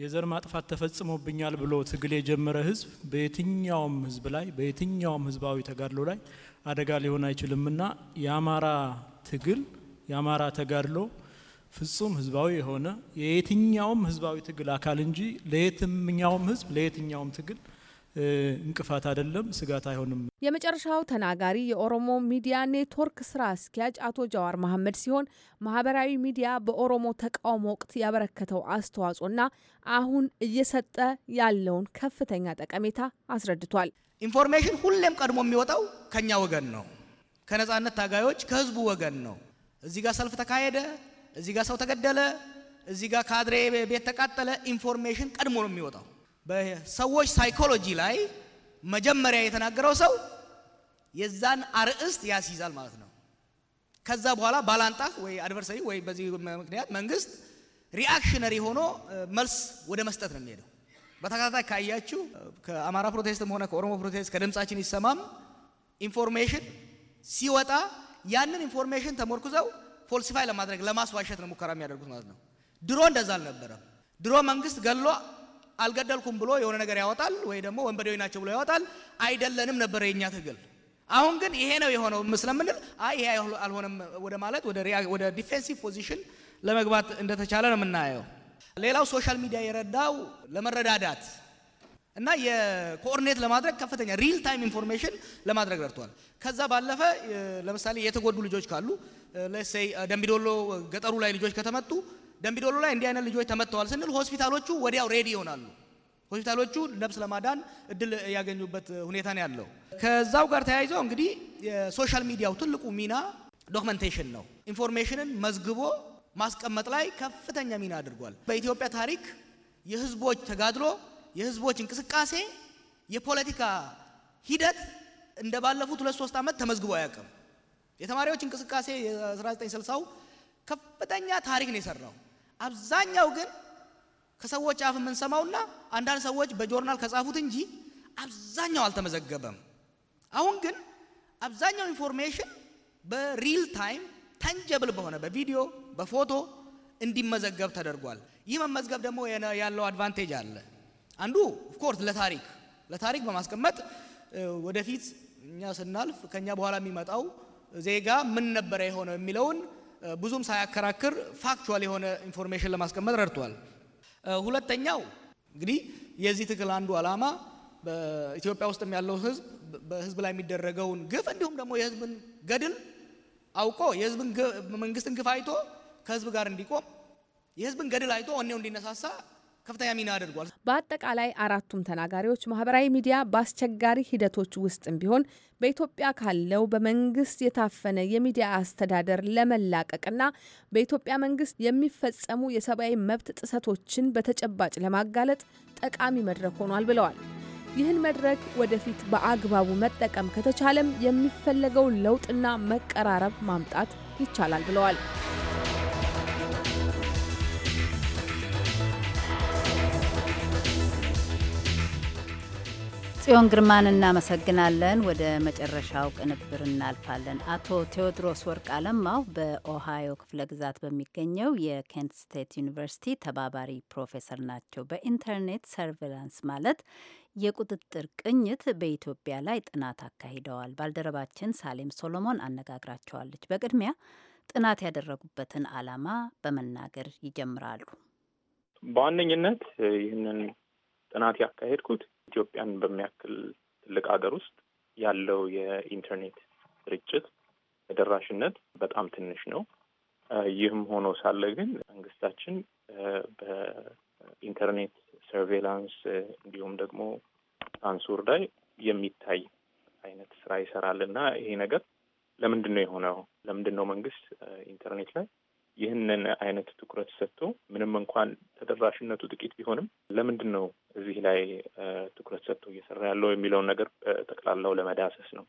የዘር ማጥፋት ተፈጽሞብኛል ብሎ ትግል የጀመረ ህዝብ በየትኛውም ህዝብ ላይ በየትኛውም ህዝባዊ ተጋድሎ ላይ አደጋ ሊሆን አይችልምና የአማራ ትግል የአማራ ተጋድሎ ፍጹም ህዝባዊ የሆነ የየትኛውም ህዝባዊ ትግል አካል እንጂ ለየትኛውም ህዝብ ለየትኛውም ትግል እንቅፋት አይደለም፣ ስጋት አይሆንም። የመጨረሻው ተናጋሪ የኦሮሞ ሚዲያ ኔትወርክ ስራ አስኪያጅ አቶ ጃዋር መሐመድ ሲሆን ማህበራዊ ሚዲያ በኦሮሞ ተቃውሞ ወቅት ያበረከተው አስተዋጽኦና አሁን እየሰጠ ያለውን ከፍተኛ ጠቀሜታ አስረድቷል። ኢንፎርሜሽን ሁሌም ቀድሞ የሚወጣው ከኛ ወገን ነው፣ ከነጻነት ታጋዮች ከህዝቡ ወገን ነው። እዚህ ጋር ሰልፍ ተካሄደ፣ እዚህ ጋር ሰው ተገደለ፣ እዚህ ጋር ካድሬ ቤት ተቃጠለ፣ ኢንፎርሜሽን ቀድሞ ነው የሚወጣው በሰዎች ሳይኮሎጂ ላይ መጀመሪያ የተናገረው ሰው የዛን አርዕስት ያስይዛል ማለት ነው። ከዛ በኋላ ባላንጣ ወይ አድቨርሰሪ ወይ በዚህ ምክንያት መንግስት ሪአክሽነሪ ሆኖ መልስ ወደ መስጠት ነው የሚሄደው። በተከታታይ ካያችሁ ከአማራ ፕሮቴስትም ሆነ ከኦሮሞ ፕሮቴስት ከድምፃችን ይሰማም ኢንፎርሜሽን ሲወጣ ያንን ኢንፎርሜሽን ተሞርኩዘው ፎልሲፋይ ለማድረግ ለማስዋሸት ነው ሙከራ የሚያደርጉት ማለት ነው። ድሮ እንደዛ አልነበረም። ድሮ መንግስት ገሎ አልገደልኩም ብሎ የሆነ ነገር ያወጣል ወይ ደግሞ ወንበዴዎች ናቸው ብሎ ያወጣል። አይደለንም ነበረ የኛ ትግል። አሁን ግን ይሄ ነው የሆነው ምስለምንል አይ ይሄ አልሆነም ወደ ማለት ወደ ዲፌንሲቭ ፖዚሽን ለመግባት እንደተቻለ ነው የምናየው። ሌላው ሶሻል ሚዲያ የረዳው ለመረዳዳት እና የኮኦርዲኔት ለማድረግ ከፍተኛ ሪል ታይም ኢንፎርሜሽን ለማድረግ ረድቷል። ከዛ ባለፈ ለምሳሌ የተጎዱ ልጆች ካሉ ለሴይ ደምቢዶሎ ገጠሩ ላይ ልጆች ከተመጡ። ደምቢዶሎ ላይ እንዲህ አይነት ልጆች ተመተዋል ስንል ሆስፒታሎቹ ወዲያው ሬዲ ይሆናሉ። ሆስፒታሎቹ ነብስ ለማዳን እድል ያገኙበት ሁኔታ ነው ያለው። ከዛው ጋር ተያይዞ እንግዲህ የሶሻል ሚዲያው ትልቁ ሚና ዶክመንቴሽን ነው። ኢንፎርሜሽንን መዝግቦ ማስቀመጥ ላይ ከፍተኛ ሚና አድርጓል። በኢትዮጵያ ታሪክ የህዝቦች ተጋድሎ፣ የህዝቦች እንቅስቃሴ፣ የፖለቲካ ሂደት እንደ ባለፉት ሁለት ሶስት ዓመት ተመዝግቦ አያውቅም። የተማሪዎች እንቅስቃሴ የ1960ው ከፍተኛ ታሪክ ነው የሰራው። አብዛኛው ግን ከሰዎች አፍ የምንሰማውና አንዳንድ ሰዎች በጆርናል ከጻፉት እንጂ አብዛኛው አልተመዘገበም። አሁን ግን አብዛኛው ኢንፎርሜሽን በሪል ታይም ተንጀብል በሆነ በቪዲዮ በፎቶ እንዲመዘገብ ተደርጓል። ይህ መመዝገብ ደግሞ ያለው አድቫንቴጅ አለ። አንዱ ኦፍኮርስ ለታሪክ ለታሪክ በማስቀመጥ ወደፊት እኛ ስናልፍ ከኛ በኋላ የሚመጣው ዜጋ ምን ነበረ የሆነው የሚለውን ብዙም ሳያከራክር ፋክቹዋል የሆነ ኢንፎርሜሽን ለማስቀመጥ ረድቷል። ሁለተኛው እንግዲህ የዚህ ትግል አንዱ ዓላማ በኢትዮጵያ ውስጥም ያለው ህዝብ በህዝብ ላይ የሚደረገውን ግፍ እንዲሁም ደግሞ የህዝብን ገድል አውቆ የህዝብን መንግስትን ግፍ አይቶ ከህዝብ ጋር እንዲቆም የህዝብን ገድል አይቶ ወኔው እንዲነሳሳ ከፍተኛ ሚና አድርጓል። በአጠቃላይ አራቱም ተናጋሪዎች ማህበራዊ ሚዲያ በአስቸጋሪ ሂደቶች ውስጥም ቢሆን በኢትዮጵያ ካለው በመንግስት የታፈነ የሚዲያ አስተዳደር ለመላቀቅና በኢትዮጵያ መንግስት የሚፈጸሙ የሰብአዊ መብት ጥሰቶችን በተጨባጭ ለማጋለጥ ጠቃሚ መድረክ ሆኗል ብለዋል። ይህን መድረክ ወደፊት በአግባቡ መጠቀም ከተቻለም የሚፈለገው ለውጥና መቀራረብ ማምጣት ይቻላል ብለዋል። ጽዮን ግርማን እናመሰግናለን። ወደ መጨረሻው ቅንብር እናልፋለን። አቶ ቴዎድሮስ ወርቅ አለማው በኦሃዮ ክፍለ ግዛት በሚገኘው የኬንት ስቴት ዩኒቨርሲቲ ተባባሪ ፕሮፌሰር ናቸው። በኢንተርኔት ሰርቬላንስ ማለት የቁጥጥር ቅኝት በኢትዮጵያ ላይ ጥናት አካሂደዋል። ባልደረባችን ሳሌም ሶሎሞን አነጋግራቸዋለች። በቅድሚያ ጥናት ያደረጉበትን ዓላማ በመናገር ይጀምራሉ። በዋነኝነት ይህንን ጥናት ያካሄድኩት ኢትዮጵያን በሚያክል ትልቅ ሀገር ውስጥ ያለው የኢንተርኔት ስርጭት ተደራሽነት በጣም ትንሽ ነው። ይህም ሆኖ ሳለ ግን መንግስታችን በኢንተርኔት ሰርቬላንስ እንዲሁም ደግሞ ሳንሱር ላይ የሚታይ አይነት ስራ ይሰራል እና ይሄ ነገር ለምንድን ነው የሆነው? ለምንድን ነው መንግስት ኢንተርኔት ላይ ይህንን አይነት ትኩረት ሰጥቶ ምንም እንኳን ተደራሽነቱ ጥቂት ቢሆንም ለምንድን ነው እዚህ ላይ ትኩረት ሰጥቶ እየሰራ ያለው የሚለውን ነገር ጠቅላላው ለመዳሰስ ነው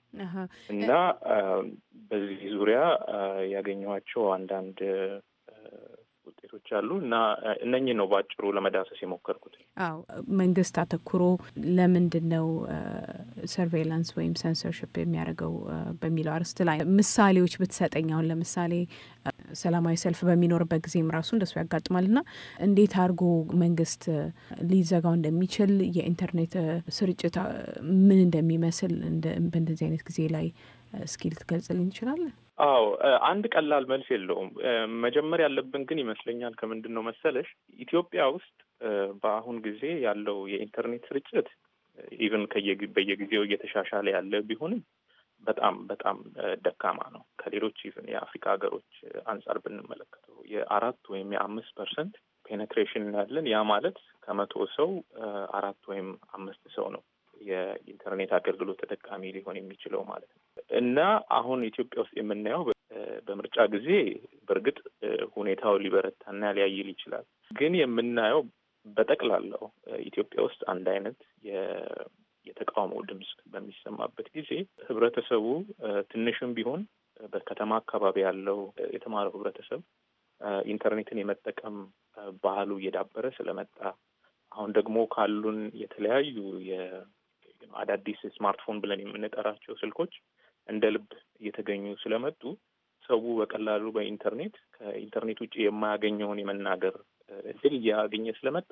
እና በዚህ ዙሪያ ያገኘኋቸው አንዳንድ ምክንያቶች አሉ እና እነኚህ ነው በአጭሩ ለመዳሰስ የሞከርኩት። አዎ መንግስት አተኩሮ ለምንድን ነው ሰርቬይላንስ ወይም ሰንሰርሽፕ የሚያደርገው በሚለው አርስት ላይ ምሳሌዎች ብትሰጠኝ። አሁን ለምሳሌ ሰላማዊ ሰልፍ በሚኖርበት ጊዜም ራሱ እንደሱ ያጋጥማል ና እንዴት አድርጎ መንግስት ሊዘጋው እንደሚችል የኢንተርኔት ስርጭት ምን እንደሚመስል በእንደዚህ አይነት ጊዜ ላይ እስኪ ልትገልጽልኝ ትችላለን? አዎ አንድ ቀላል መልስ የለውም። መጀመር ያለብን ግን ይመስለኛል ከምንድን ነው መሰለሽ ኢትዮጵያ ውስጥ በአሁን ጊዜ ያለው የኢንተርኔት ስርጭት ኢቨን በየጊዜው እየተሻሻለ ያለ ቢሆንም በጣም በጣም ደካማ ነው። ከሌሎች ኢቨን የአፍሪካ ሀገሮች አንጻር ብንመለከተው የአራት ወይም የአምስት ፐርሰንት ፔኔትሬሽን ያለን ያ ማለት ከመቶ ሰው አራት ወይም አምስት ሰው ነው የኢንተርኔት አገልግሎት ተጠቃሚ ሊሆን የሚችለው ማለት ነው እና አሁን ኢትዮጵያ ውስጥ የምናየው በምርጫ ጊዜ በእርግጥ ሁኔታው ሊበረታና ሊያይል ይችላል። ግን የምናየው በጠቅላላው ኢትዮጵያ ውስጥ አንድ አይነት የተቃውሞ ድምፅ በሚሰማበት ጊዜ ህብረተሰቡ ትንሽም ቢሆን በከተማ አካባቢ ያለው የተማረው ህብረተሰብ ኢንተርኔትን የመጠቀም ባህሉ እየዳበረ ስለመጣ አሁን ደግሞ ካሉን የተለያዩ አዳዲስ ስማርትፎን ብለን የምንጠራቸው ስልኮች እንደ ልብ እየተገኙ ስለመጡ ሰው በቀላሉ በኢንተርኔት ከኢንተርኔት ውጭ የማያገኘውን የመናገር እድል እያገኘ ስለመጣ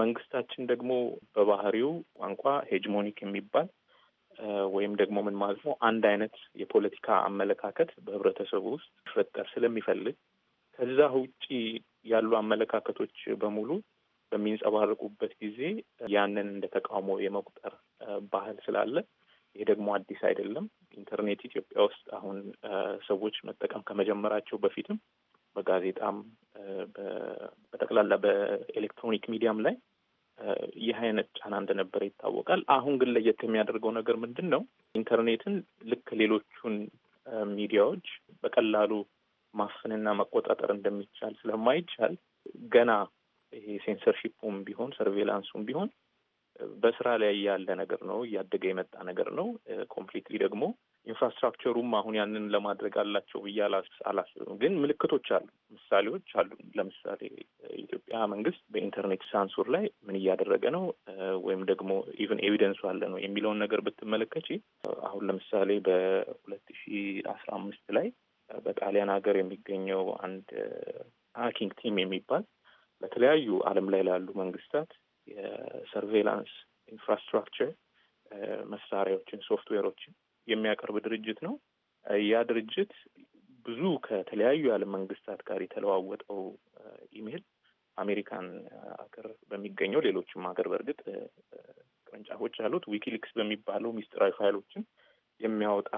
መንግስታችን ደግሞ በባህሪው ቋንቋ ሄጅሞኒክ የሚባል ወይም ደግሞ ምን ማለት ነው አንድ አይነት የፖለቲካ አመለካከት በህብረተሰቡ ውስጥ ይፈጠር ስለሚፈልግ ከዛ ውጪ ያሉ አመለካከቶች በሙሉ በሚንጸባረቁበት ጊዜ ያንን እንደ ተቃውሞ የመቁጠር ባህል ስላለ ይሄ ደግሞ አዲስ አይደለም። ኢንተርኔት ኢትዮጵያ ውስጥ አሁን ሰዎች መጠቀም ከመጀመራቸው በፊትም በጋዜጣም በጠቅላላ በኤሌክትሮኒክ ሚዲያም ላይ ይህ አይነት ጫና እንደነበረ ይታወቃል። አሁን ግን ለየት የሚያደርገው ነገር ምንድን ነው? ኢንተርኔትን ልክ ሌሎቹን ሚዲያዎች በቀላሉ ማፈንና መቆጣጠር እንደሚቻል ስለማይቻል ገና ይሄ ሴንሰርሺፑም ቢሆን ሰርቬላንሱም ቢሆን በስራ ላይ ያለ ነገር ነው፣ እያደገ የመጣ ነገር ነው። ኮምፕሊትሊ ደግሞ ኢንፍራስትራክቸሩም አሁን ያንን ለማድረግ አላቸው ብዬ አላስብም። ግን ምልክቶች አሉ፣ ምሳሌዎች አሉ። ለምሳሌ ኢትዮጵያ መንግስት በኢንተርኔት ሳንሱር ላይ ምን እያደረገ ነው ወይም ደግሞ ኢቨን ኤቪደንሱ አለ ነው የሚለውን ነገር ብትመለከች አሁን ለምሳሌ በሁለት ሺ አስራ አምስት ላይ በጣሊያን ሀገር የሚገኘው አንድ ሀኪንግ ቲም የሚባል በተለያዩ ዓለም ላይ ላሉ መንግስታት የሰርቬላንስ ኢንፍራስትራክቸር መሳሪያዎችን፣ ሶፍትዌሮችን የሚያቀርብ ድርጅት ነው። ያ ድርጅት ብዙ ከተለያዩ የዓለም መንግስታት ጋር የተለዋወጠው ኢሜል አሜሪካን አገር በሚገኘው ሌሎችም ሀገር በእርግጥ ቅርንጫፎች አሉት ዊኪሊክስ በሚባለው ሚስጢራዊ ፋይሎችን የሚያወጣ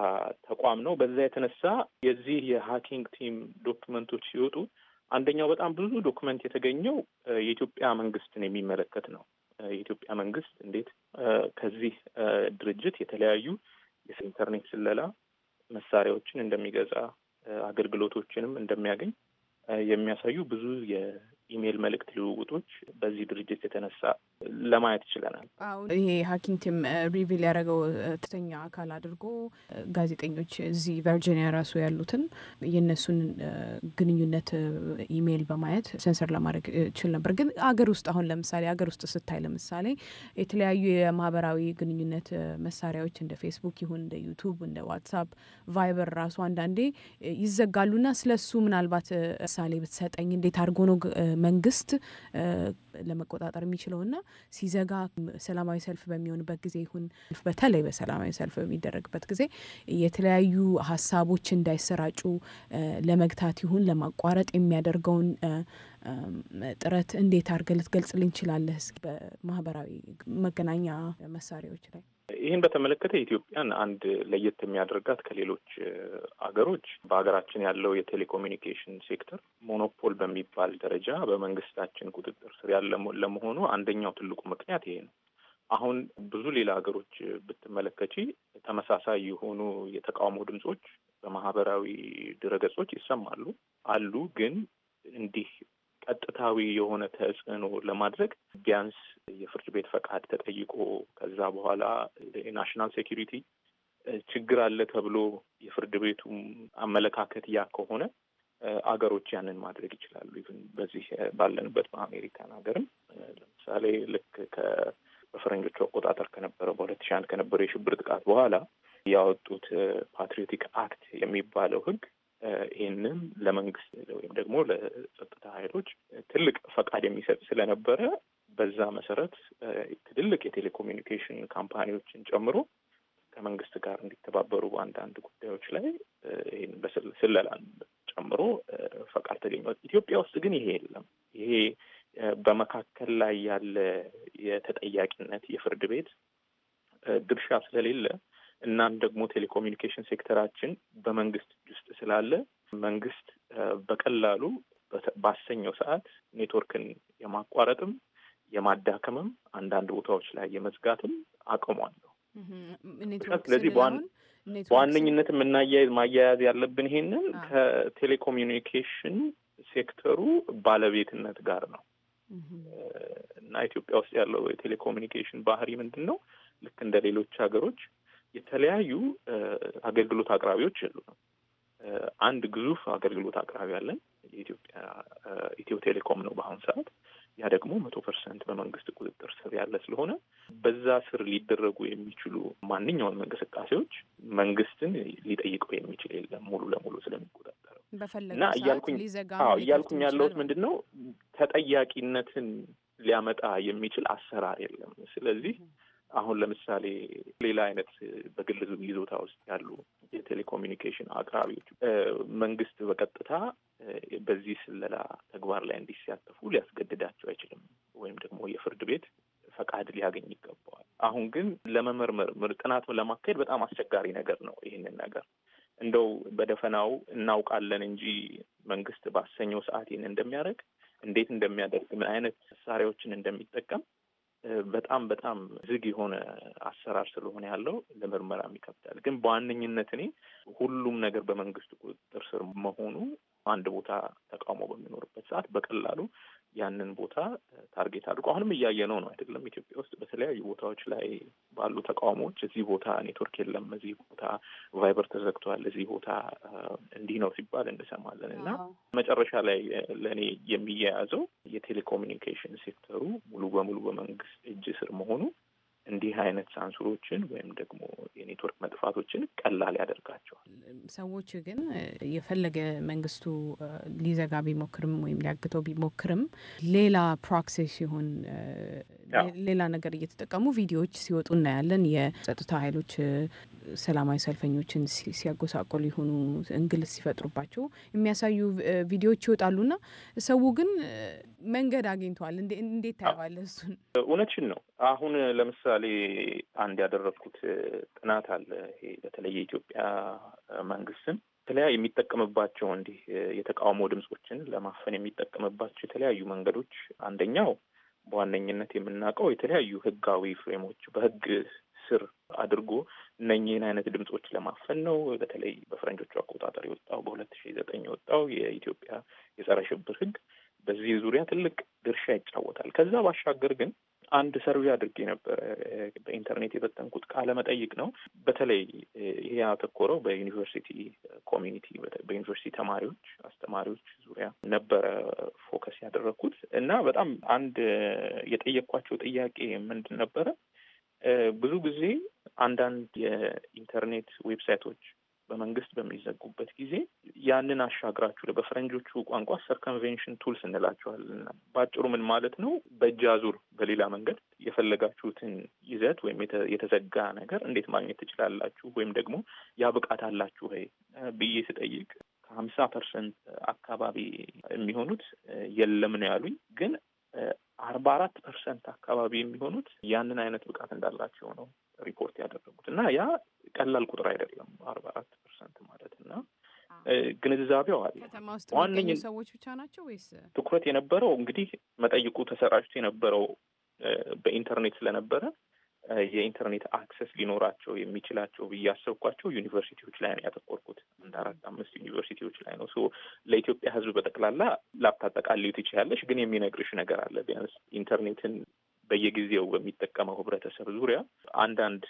ተቋም ነው። በዛ የተነሳ የዚህ የሀኪንግ ቲም ዶክመንቶች ሲወጡ አንደኛው በጣም ብዙ ዶክመንት የተገኘው የኢትዮጵያ መንግስትን የሚመለከት ነው። የኢትዮጵያ መንግስት እንዴት ከዚህ ድርጅት የተለያዩ የኢንተርኔት ስለላ መሳሪያዎችን እንደሚገዛ አገልግሎቶችንም እንደሚያገኝ የሚያሳዩ ብዙ ኢሜይል መልእክት ልውውጦች በዚህ ድርጅት የተነሳ ለማየት ይችለናል። አሁን ይሄ ሀኪም ቲም ሪቪል ያደረገው ትተኛ አካል አድርጎ ጋዜጠኞች እዚህ ቨርጂኒያ ራሱ ያሉትን የእነሱን ግንኙነት ኢሜይል በማየት ሴንሰር ለማድረግ ችል ነበር። ግን አገር ውስጥ አሁን ለምሳሌ አገር ውስጥ ስታይ ለምሳሌ የተለያዩ የማህበራዊ ግንኙነት መሳሪያዎች እንደ ፌስቡክ ይሁን እንደ ዩቱብ እንደ ዋትሳፕ፣ ቫይበር ራሱ አንዳንዴ ይዘጋሉና ስለሱ ምናልባት ምሳሌ ብትሰጠኝ እንዴት አድርጎ ነው መንግስት ለመቆጣጠር የሚችለው የሚችለውና ሲዘጋ ሰላማዊ ሰልፍ በሚሆንበት ጊዜ ይሁን በተለይ በሰላማዊ ሰልፍ በሚደረግበት ጊዜ የተለያዩ ሀሳቦች እንዳይሰራጩ ለመግታት ይሁን ለማቋረጥ የሚያደርገውን ጥረት እንዴት አድርገህ ልትገልጽልኝ ትችላለህ? ማህበራዊ መገናኛ መሳሪያዎች ላይ ይህን በተመለከተ ኢትዮጵያን አንድ ለየት የሚያደርጋት ከሌሎች አገሮች በሀገራችን ያለው የቴሌኮሚኒኬሽን ሴክተር ሞኖፖል በሚባል ደረጃ በመንግስታችን ቁጥጥር ስር ያለ ለመሆኑ አንደኛው ትልቁ ምክንያት ይሄ ነው። አሁን ብዙ ሌላ ሀገሮች ብትመለከቺ ተመሳሳይ የሆኑ የተቃውሞ ድምጾች በማህበራዊ ድረገጾች ይሰማሉ አሉ ግን እንዲህ ቀጥታዊ የሆነ ተጽዕኖ ለማድረግ ቢያንስ የፍርድ ቤት ፈቃድ ተጠይቆ ከዛ በኋላ የናሽናል ሴኪሪቲ ችግር አለ ተብሎ የፍርድ ቤቱም አመለካከት ያ ከሆነ አገሮች ያንን ማድረግ ይችላሉ። ኢቭን በዚህ ባለንበት በአሜሪካን ሀገርም ለምሳሌ ልክ በፈረንጆቹ አቆጣጠር ከነበረ በሁለት ሺ አንድ ከነበረው የሽብር ጥቃት በኋላ ያወጡት ፓትሪዮቲክ አክት የሚባለው ህግ ይህንን ለመንግስት ወይም ደግሞ ለጸጥታ ኃይሎች ትልቅ ፈቃድ የሚሰጥ ስለነበረ በዛ መሰረት ትልልቅ የቴሌኮሚኒኬሽን ካምፓኒዎችን ጨምሮ ከመንግስት ጋር እንዲተባበሩ በአንዳንድ ጉዳዮች ላይ ይህን በስለላን ጨምሮ ፈቃድ ተገኘ። ኢትዮጵያ ውስጥ ግን ይሄ የለም። ይሄ በመካከል ላይ ያለ የተጠያቂነት የፍርድ ቤት ድርሻ ስለሌለ እናም ደግሞ ቴሌኮሚኒኬሽን ሴክተራችን በመንግስት እጅ ውስጥ ስላለ መንግስት በቀላሉ ባሰኘው ሰዓት ኔትወርክን የማቋረጥም የማዳከምም አንዳንድ ቦታዎች ላይ የመዝጋትም አቅሙ አለው። ስለዚህ በዋነኝነት የምናያይዝ ማያያዝ ያለብን ይሄንን ከቴሌኮሚኒኬሽን ሴክተሩ ባለቤትነት ጋር ነው እና ኢትዮጵያ ውስጥ ያለው የቴሌኮሚኒኬሽን ባህሪ ምንድን ነው? ልክ እንደ ሌሎች ሀገሮች የተለያዩ አገልግሎት አቅራቢዎች የሉ ነው። አንድ ግዙፍ አገልግሎት አቅራቢ ያለን የኢትዮጵያ ኢትዮ ቴሌኮም ነው በአሁኑ ሰዓት። ያ ደግሞ መቶ ፐርሰንት በመንግስት ቁጥጥር ስር ያለ ስለሆነ በዛ ስር ሊደረጉ የሚችሉ ማንኛውም እንቅስቃሴዎች መንግስትን ሊጠይቀው የሚችል የለም ሙሉ ለሙሉ ስለሚቆጣጠረው እና እያልኩኝ እያልኩኝ ያለሁት ምንድን ነው ተጠያቂነትን ሊያመጣ የሚችል አሰራር የለም። ስለዚህ አሁን ለምሳሌ ሌላ አይነት በግል ይዞታ ውስጥ ያሉ የቴሌኮሚኒኬሽን አቅራቢዎች መንግስት በቀጥታ በዚህ ስለላ ተግባር ላይ እንዲሳተፉ ሊያስገድዳቸው አይችልም፣ ወይም ደግሞ የፍርድ ቤት ፈቃድ ሊያገኝ ይገባዋል። አሁን ግን ለመመርመር ጥናት ለማካሄድ በጣም አስቸጋሪ ነገር ነው። ይህንን ነገር እንደው በደፈናው እናውቃለን እንጂ መንግስት ባሰኘው ሰዓት ይህን እንደሚያደርግ እንዴት እንደሚያደርግ ምን አይነት መሳሪያዎችን እንደሚጠቀም በጣም በጣም ዝግ የሆነ አሰራር ስለሆነ ያለው ለምርመራም ይከብዳል። ግን በዋነኝነት እኔ ሁሉም ነገር በመንግስት ቁጥጥር ስር መሆኑ አንድ ቦታ ተቃውሞ በሚኖርበት ሰዓት በቀላሉ ያንን ቦታ ታርጌት አድርጎ አሁንም እያየነው ነው አይደለም? ኢትዮጵያ ውስጥ በተለያዩ ቦታዎች ላይ ባሉ ተቃውሞዎች እዚህ ቦታ ኔትወርክ የለም፣ እዚህ ቦታ ቫይበር ተዘግቷል፣ እዚህ ቦታ እንዲህ ነው ሲባል እንሰማለን እና መጨረሻ ላይ ለእኔ የሚያያዘው የቴሌኮሚኒኬሽን ሴክተሩ ሙሉ በሙሉ በመንግስት እጅ ስር መሆኑ እንዲህ አይነት ሳንሱሮችን ወይም ደግሞ የኔትወርክ መጥፋቶችን ቀላል ያደርጋቸዋል። ሰዎች ግን የፈለገ መንግስቱ ሊዘጋ ቢሞክርም ወይም ሊያግተው ቢሞክርም ሌላ ፕሮክሲ ሲሆን ሌላ ነገር እየተጠቀሙ ቪዲዮዎች ሲወጡ እናያለን። የጸጥታ ኃይሎች ሰላማዊ ሰልፈኞችን ሲያጎሳቆል የሆኑ እንግልት ሲፈጥሩባቸው የሚያሳዩ ቪዲዮዎች ይወጣሉና ሰው ግን መንገድ አግኝተዋል። እንዴት ታየዋለህ? እሱን እውነችን ነው። አሁን ለምሳሌ አንድ ያደረግኩት ጥናት አለ። ይሄ በተለይ የኢትዮጵያ መንግስትን የተለያዩ የሚጠቀምባቸው እንዲህ የተቃውሞ ድምጾችን ለማፈን የሚጠቀምባቸው የተለያዩ መንገዶች አንደኛው በዋነኝነት የምናውቀው የተለያዩ ህጋዊ ፍሬሞች በህግ ስር አድርጎ እነኚህን አይነት ድምጾች ለማፈን ነው። በተለይ በፈረንጆቹ አቆጣጠር የወጣው በሁለት ሺ ዘጠኝ የወጣው የኢትዮጵያ የጸረ ሽብር ህግ በዚህ ዙሪያ ትልቅ ድርሻ ይጫወታል። ከዛ ባሻገር ግን አንድ ሰርቪ አድርጌ ነበረ በኢንተርኔት የበጠንኩት ቃለ መጠይቅ ነው። በተለይ ይሄ ያተኮረው በዩኒቨርሲቲ ኮሚኒቲ በዩኒቨርሲቲ ተማሪዎች፣ አስተማሪዎች ዙሪያ ነበረ ፎከስ ያደረግኩት እና በጣም አንድ የጠየቅኳቸው ጥያቄ ምንድን ነበረ ብዙ ጊዜ አንዳንድ የኢንተርኔት ዌብሳይቶች በመንግስት በሚዘጉበት ጊዜ ያንን አሻግራችሁ በፈረንጆቹ ቋንቋ ሰርከምቬንሽን ቱልስ እንላቸዋለን። በአጭሩ ምን ማለት ነው? በእጅ አዙር በሌላ መንገድ የፈለጋችሁትን ይዘት ወይም የተዘጋ ነገር እንዴት ማግኘት ትችላላችሁ? ወይም ደግሞ ያ ብቃት አላችሁ ወይ ብዬ ስጠይቅ ከሀምሳ ፐርሰንት አካባቢ የሚሆኑት የለም ነው ያሉኝ። ግን አርባ አራት ፐርሰንት አካባቢ የሚሆኑት ያንን አይነት ብቃት እንዳላቸው ነው ሪፖርት ያደረጉት እና ያ ቀላል ቁጥር አይደለም። አርባ አራት ፐርሰንት ማለት እና ግንዛቤው አለ። ዋነኛ ሰዎች ብቻ ናቸው ወይስ ትኩረት የነበረው እንግዲህ መጠይቁ ተሰራጭቶ የነበረው በኢንተርኔት ስለነበረ የኢንተርኔት አክሰስ ሊኖራቸው የሚችላቸው ብዬ ያሰብኳቸው ዩኒቨርሲቲዎች ላይ ነው ያተኮርኩት። አንድ አራት አምስት ዩኒቨርሲቲዎች ላይ ነው። ለኢትዮጵያ ሕዝብ በጠቅላላ ላፕታፕ ትችያለሽ፣ ግን የሚነግርሽ ነገር አለ። ቢያንስ ኢንተርኔትን በየጊዜው በሚጠቀመው ህብረተሰብ ዙሪያ አንዳንድ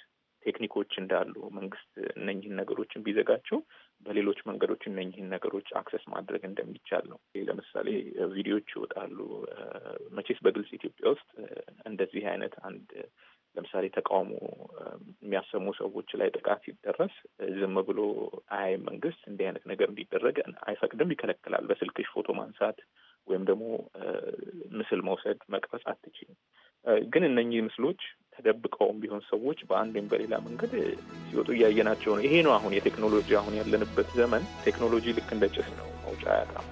ቴክኒኮች እንዳሉ መንግስት እነኝህን ነገሮችን ቢዘጋቸው በሌሎች መንገዶች እነኝህን ነገሮች አክሰስ ማድረግ እንደሚቻል ነው። ለምሳሌ ቪዲዮዎች ይወጣሉ። መቼስ በግልጽ ኢትዮጵያ ውስጥ እንደዚህ አይነት አንድ ለምሳሌ ተቃውሞ የሚያሰሙ ሰዎች ላይ ጥቃት ሲደረስ ዝም ብሎ አይ መንግስት እንዲህ አይነት ነገር እንዲደረግ አይፈቅድም፣ ይከለክላል። በስልክሽ ፎቶ ማንሳት ወይም ደግሞ ምስል መውሰድ መቅረጽ አትችልም። ግን እነኚህ ምስሎች ተደብቀውም ቢሆን ሰዎች በአንድ ወይም በሌላ መንገድ ሲወጡ እያየናቸው ነው። ይሄ ነው አሁን የቴክኖሎጂ አሁን ያለንበት ዘመን። ቴክኖሎጂ ልክ እንደ ጭስ ነው፣ መውጫ አያጣም።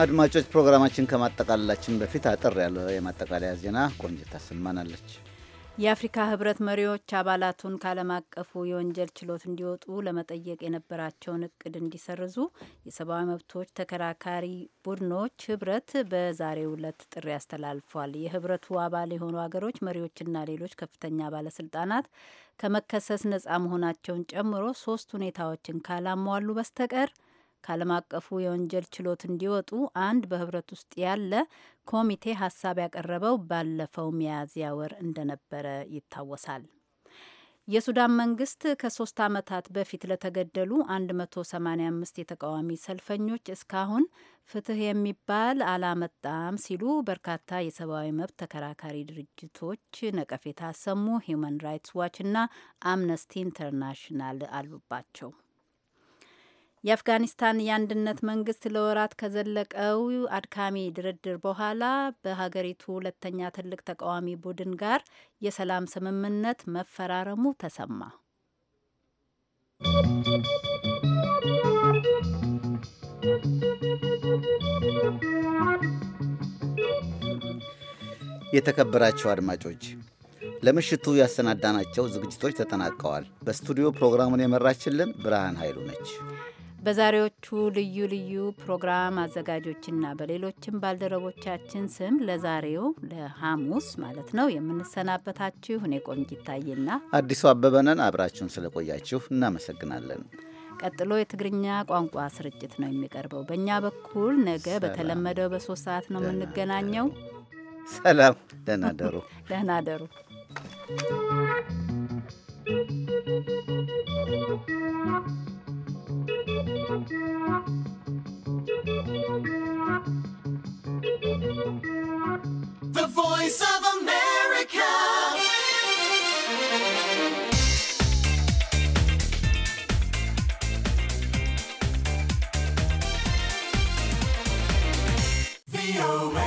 አድማጮች ፕሮግራማችን ከማጠቃለላችን በፊት አጠር ያለ የማጠቃለያ ዜና ቆንጅት ታሰማናለች። የአፍሪካ ህብረት መሪዎች አባላቱን ከዓለም አቀፉ የወንጀል ችሎት እንዲወጡ ለመጠየቅ የነበራቸውን እቅድ እንዲሰርዙ የሰብአዊ መብቶች ተከራካሪ ቡድኖች ህብረት በዛሬው ዕለት ጥሪ አስተላልፏል። የህብረቱ አባል የሆኑ ሀገሮች መሪዎችና ሌሎች ከፍተኛ ባለስልጣናት ከመከሰስ ነጻ መሆናቸውን ጨምሮ ሶስት ሁኔታዎችን ካላሟሉ በስተቀር ከዓለም አቀፉ የወንጀል ችሎት እንዲወጡ አንድ በህብረት ውስጥ ያለ ኮሚቴ ሀሳብ ያቀረበው ባለፈው ሚያዝያ ወር እንደነበረ ይታወሳል። የሱዳን መንግስት ከሶስት ዓመታት በፊት ለተገደሉ 185 የተቃዋሚ ሰልፈኞች እስካሁን ፍትህ የሚባል አላመጣም ሲሉ በርካታ የሰብአዊ መብት ተከራካሪ ድርጅቶች ነቀፌታ አሰሙ። ሂዩማን ራይትስ እና አምነስቲ ኢንተርናሽናል አሉባቸው። የአፍጋኒስታን የአንድነት መንግስት ለወራት ከዘለቀው አድካሚ ድርድር በኋላ በሀገሪቱ ሁለተኛ ትልቅ ተቃዋሚ ቡድን ጋር የሰላም ስምምነት መፈራረሙ ተሰማ። የተከበራቸው አድማጮች ለምሽቱ ያሰናዳናቸው ዝግጅቶች ተጠናቀዋል። በስቱዲዮ ፕሮግራሙን የመራችልን ብርሃን ኃይሉ ነች። በዛሬዎቹ ልዩ ልዩ ፕሮግራም አዘጋጆችና በሌሎችም ባልደረቦቻችን ስም ለዛሬው ለሐሙስ ማለት ነው የምንሰናበታችሁ እኔ ቆንጅ ይታይና አዲሱ አበበነን አብራችሁን ስለቆያችሁ እናመሰግናለን። ቀጥሎ የትግርኛ ቋንቋ ስርጭት ነው የሚቀርበው። በእኛ በኩል ነገ በተለመደው በሶስት ሰዓት ነው የምንገናኘው። ሰላም፣ ደህና ደሩ፣ <laughs> ደህና ደሩ። Thank you. voice of America. VOA.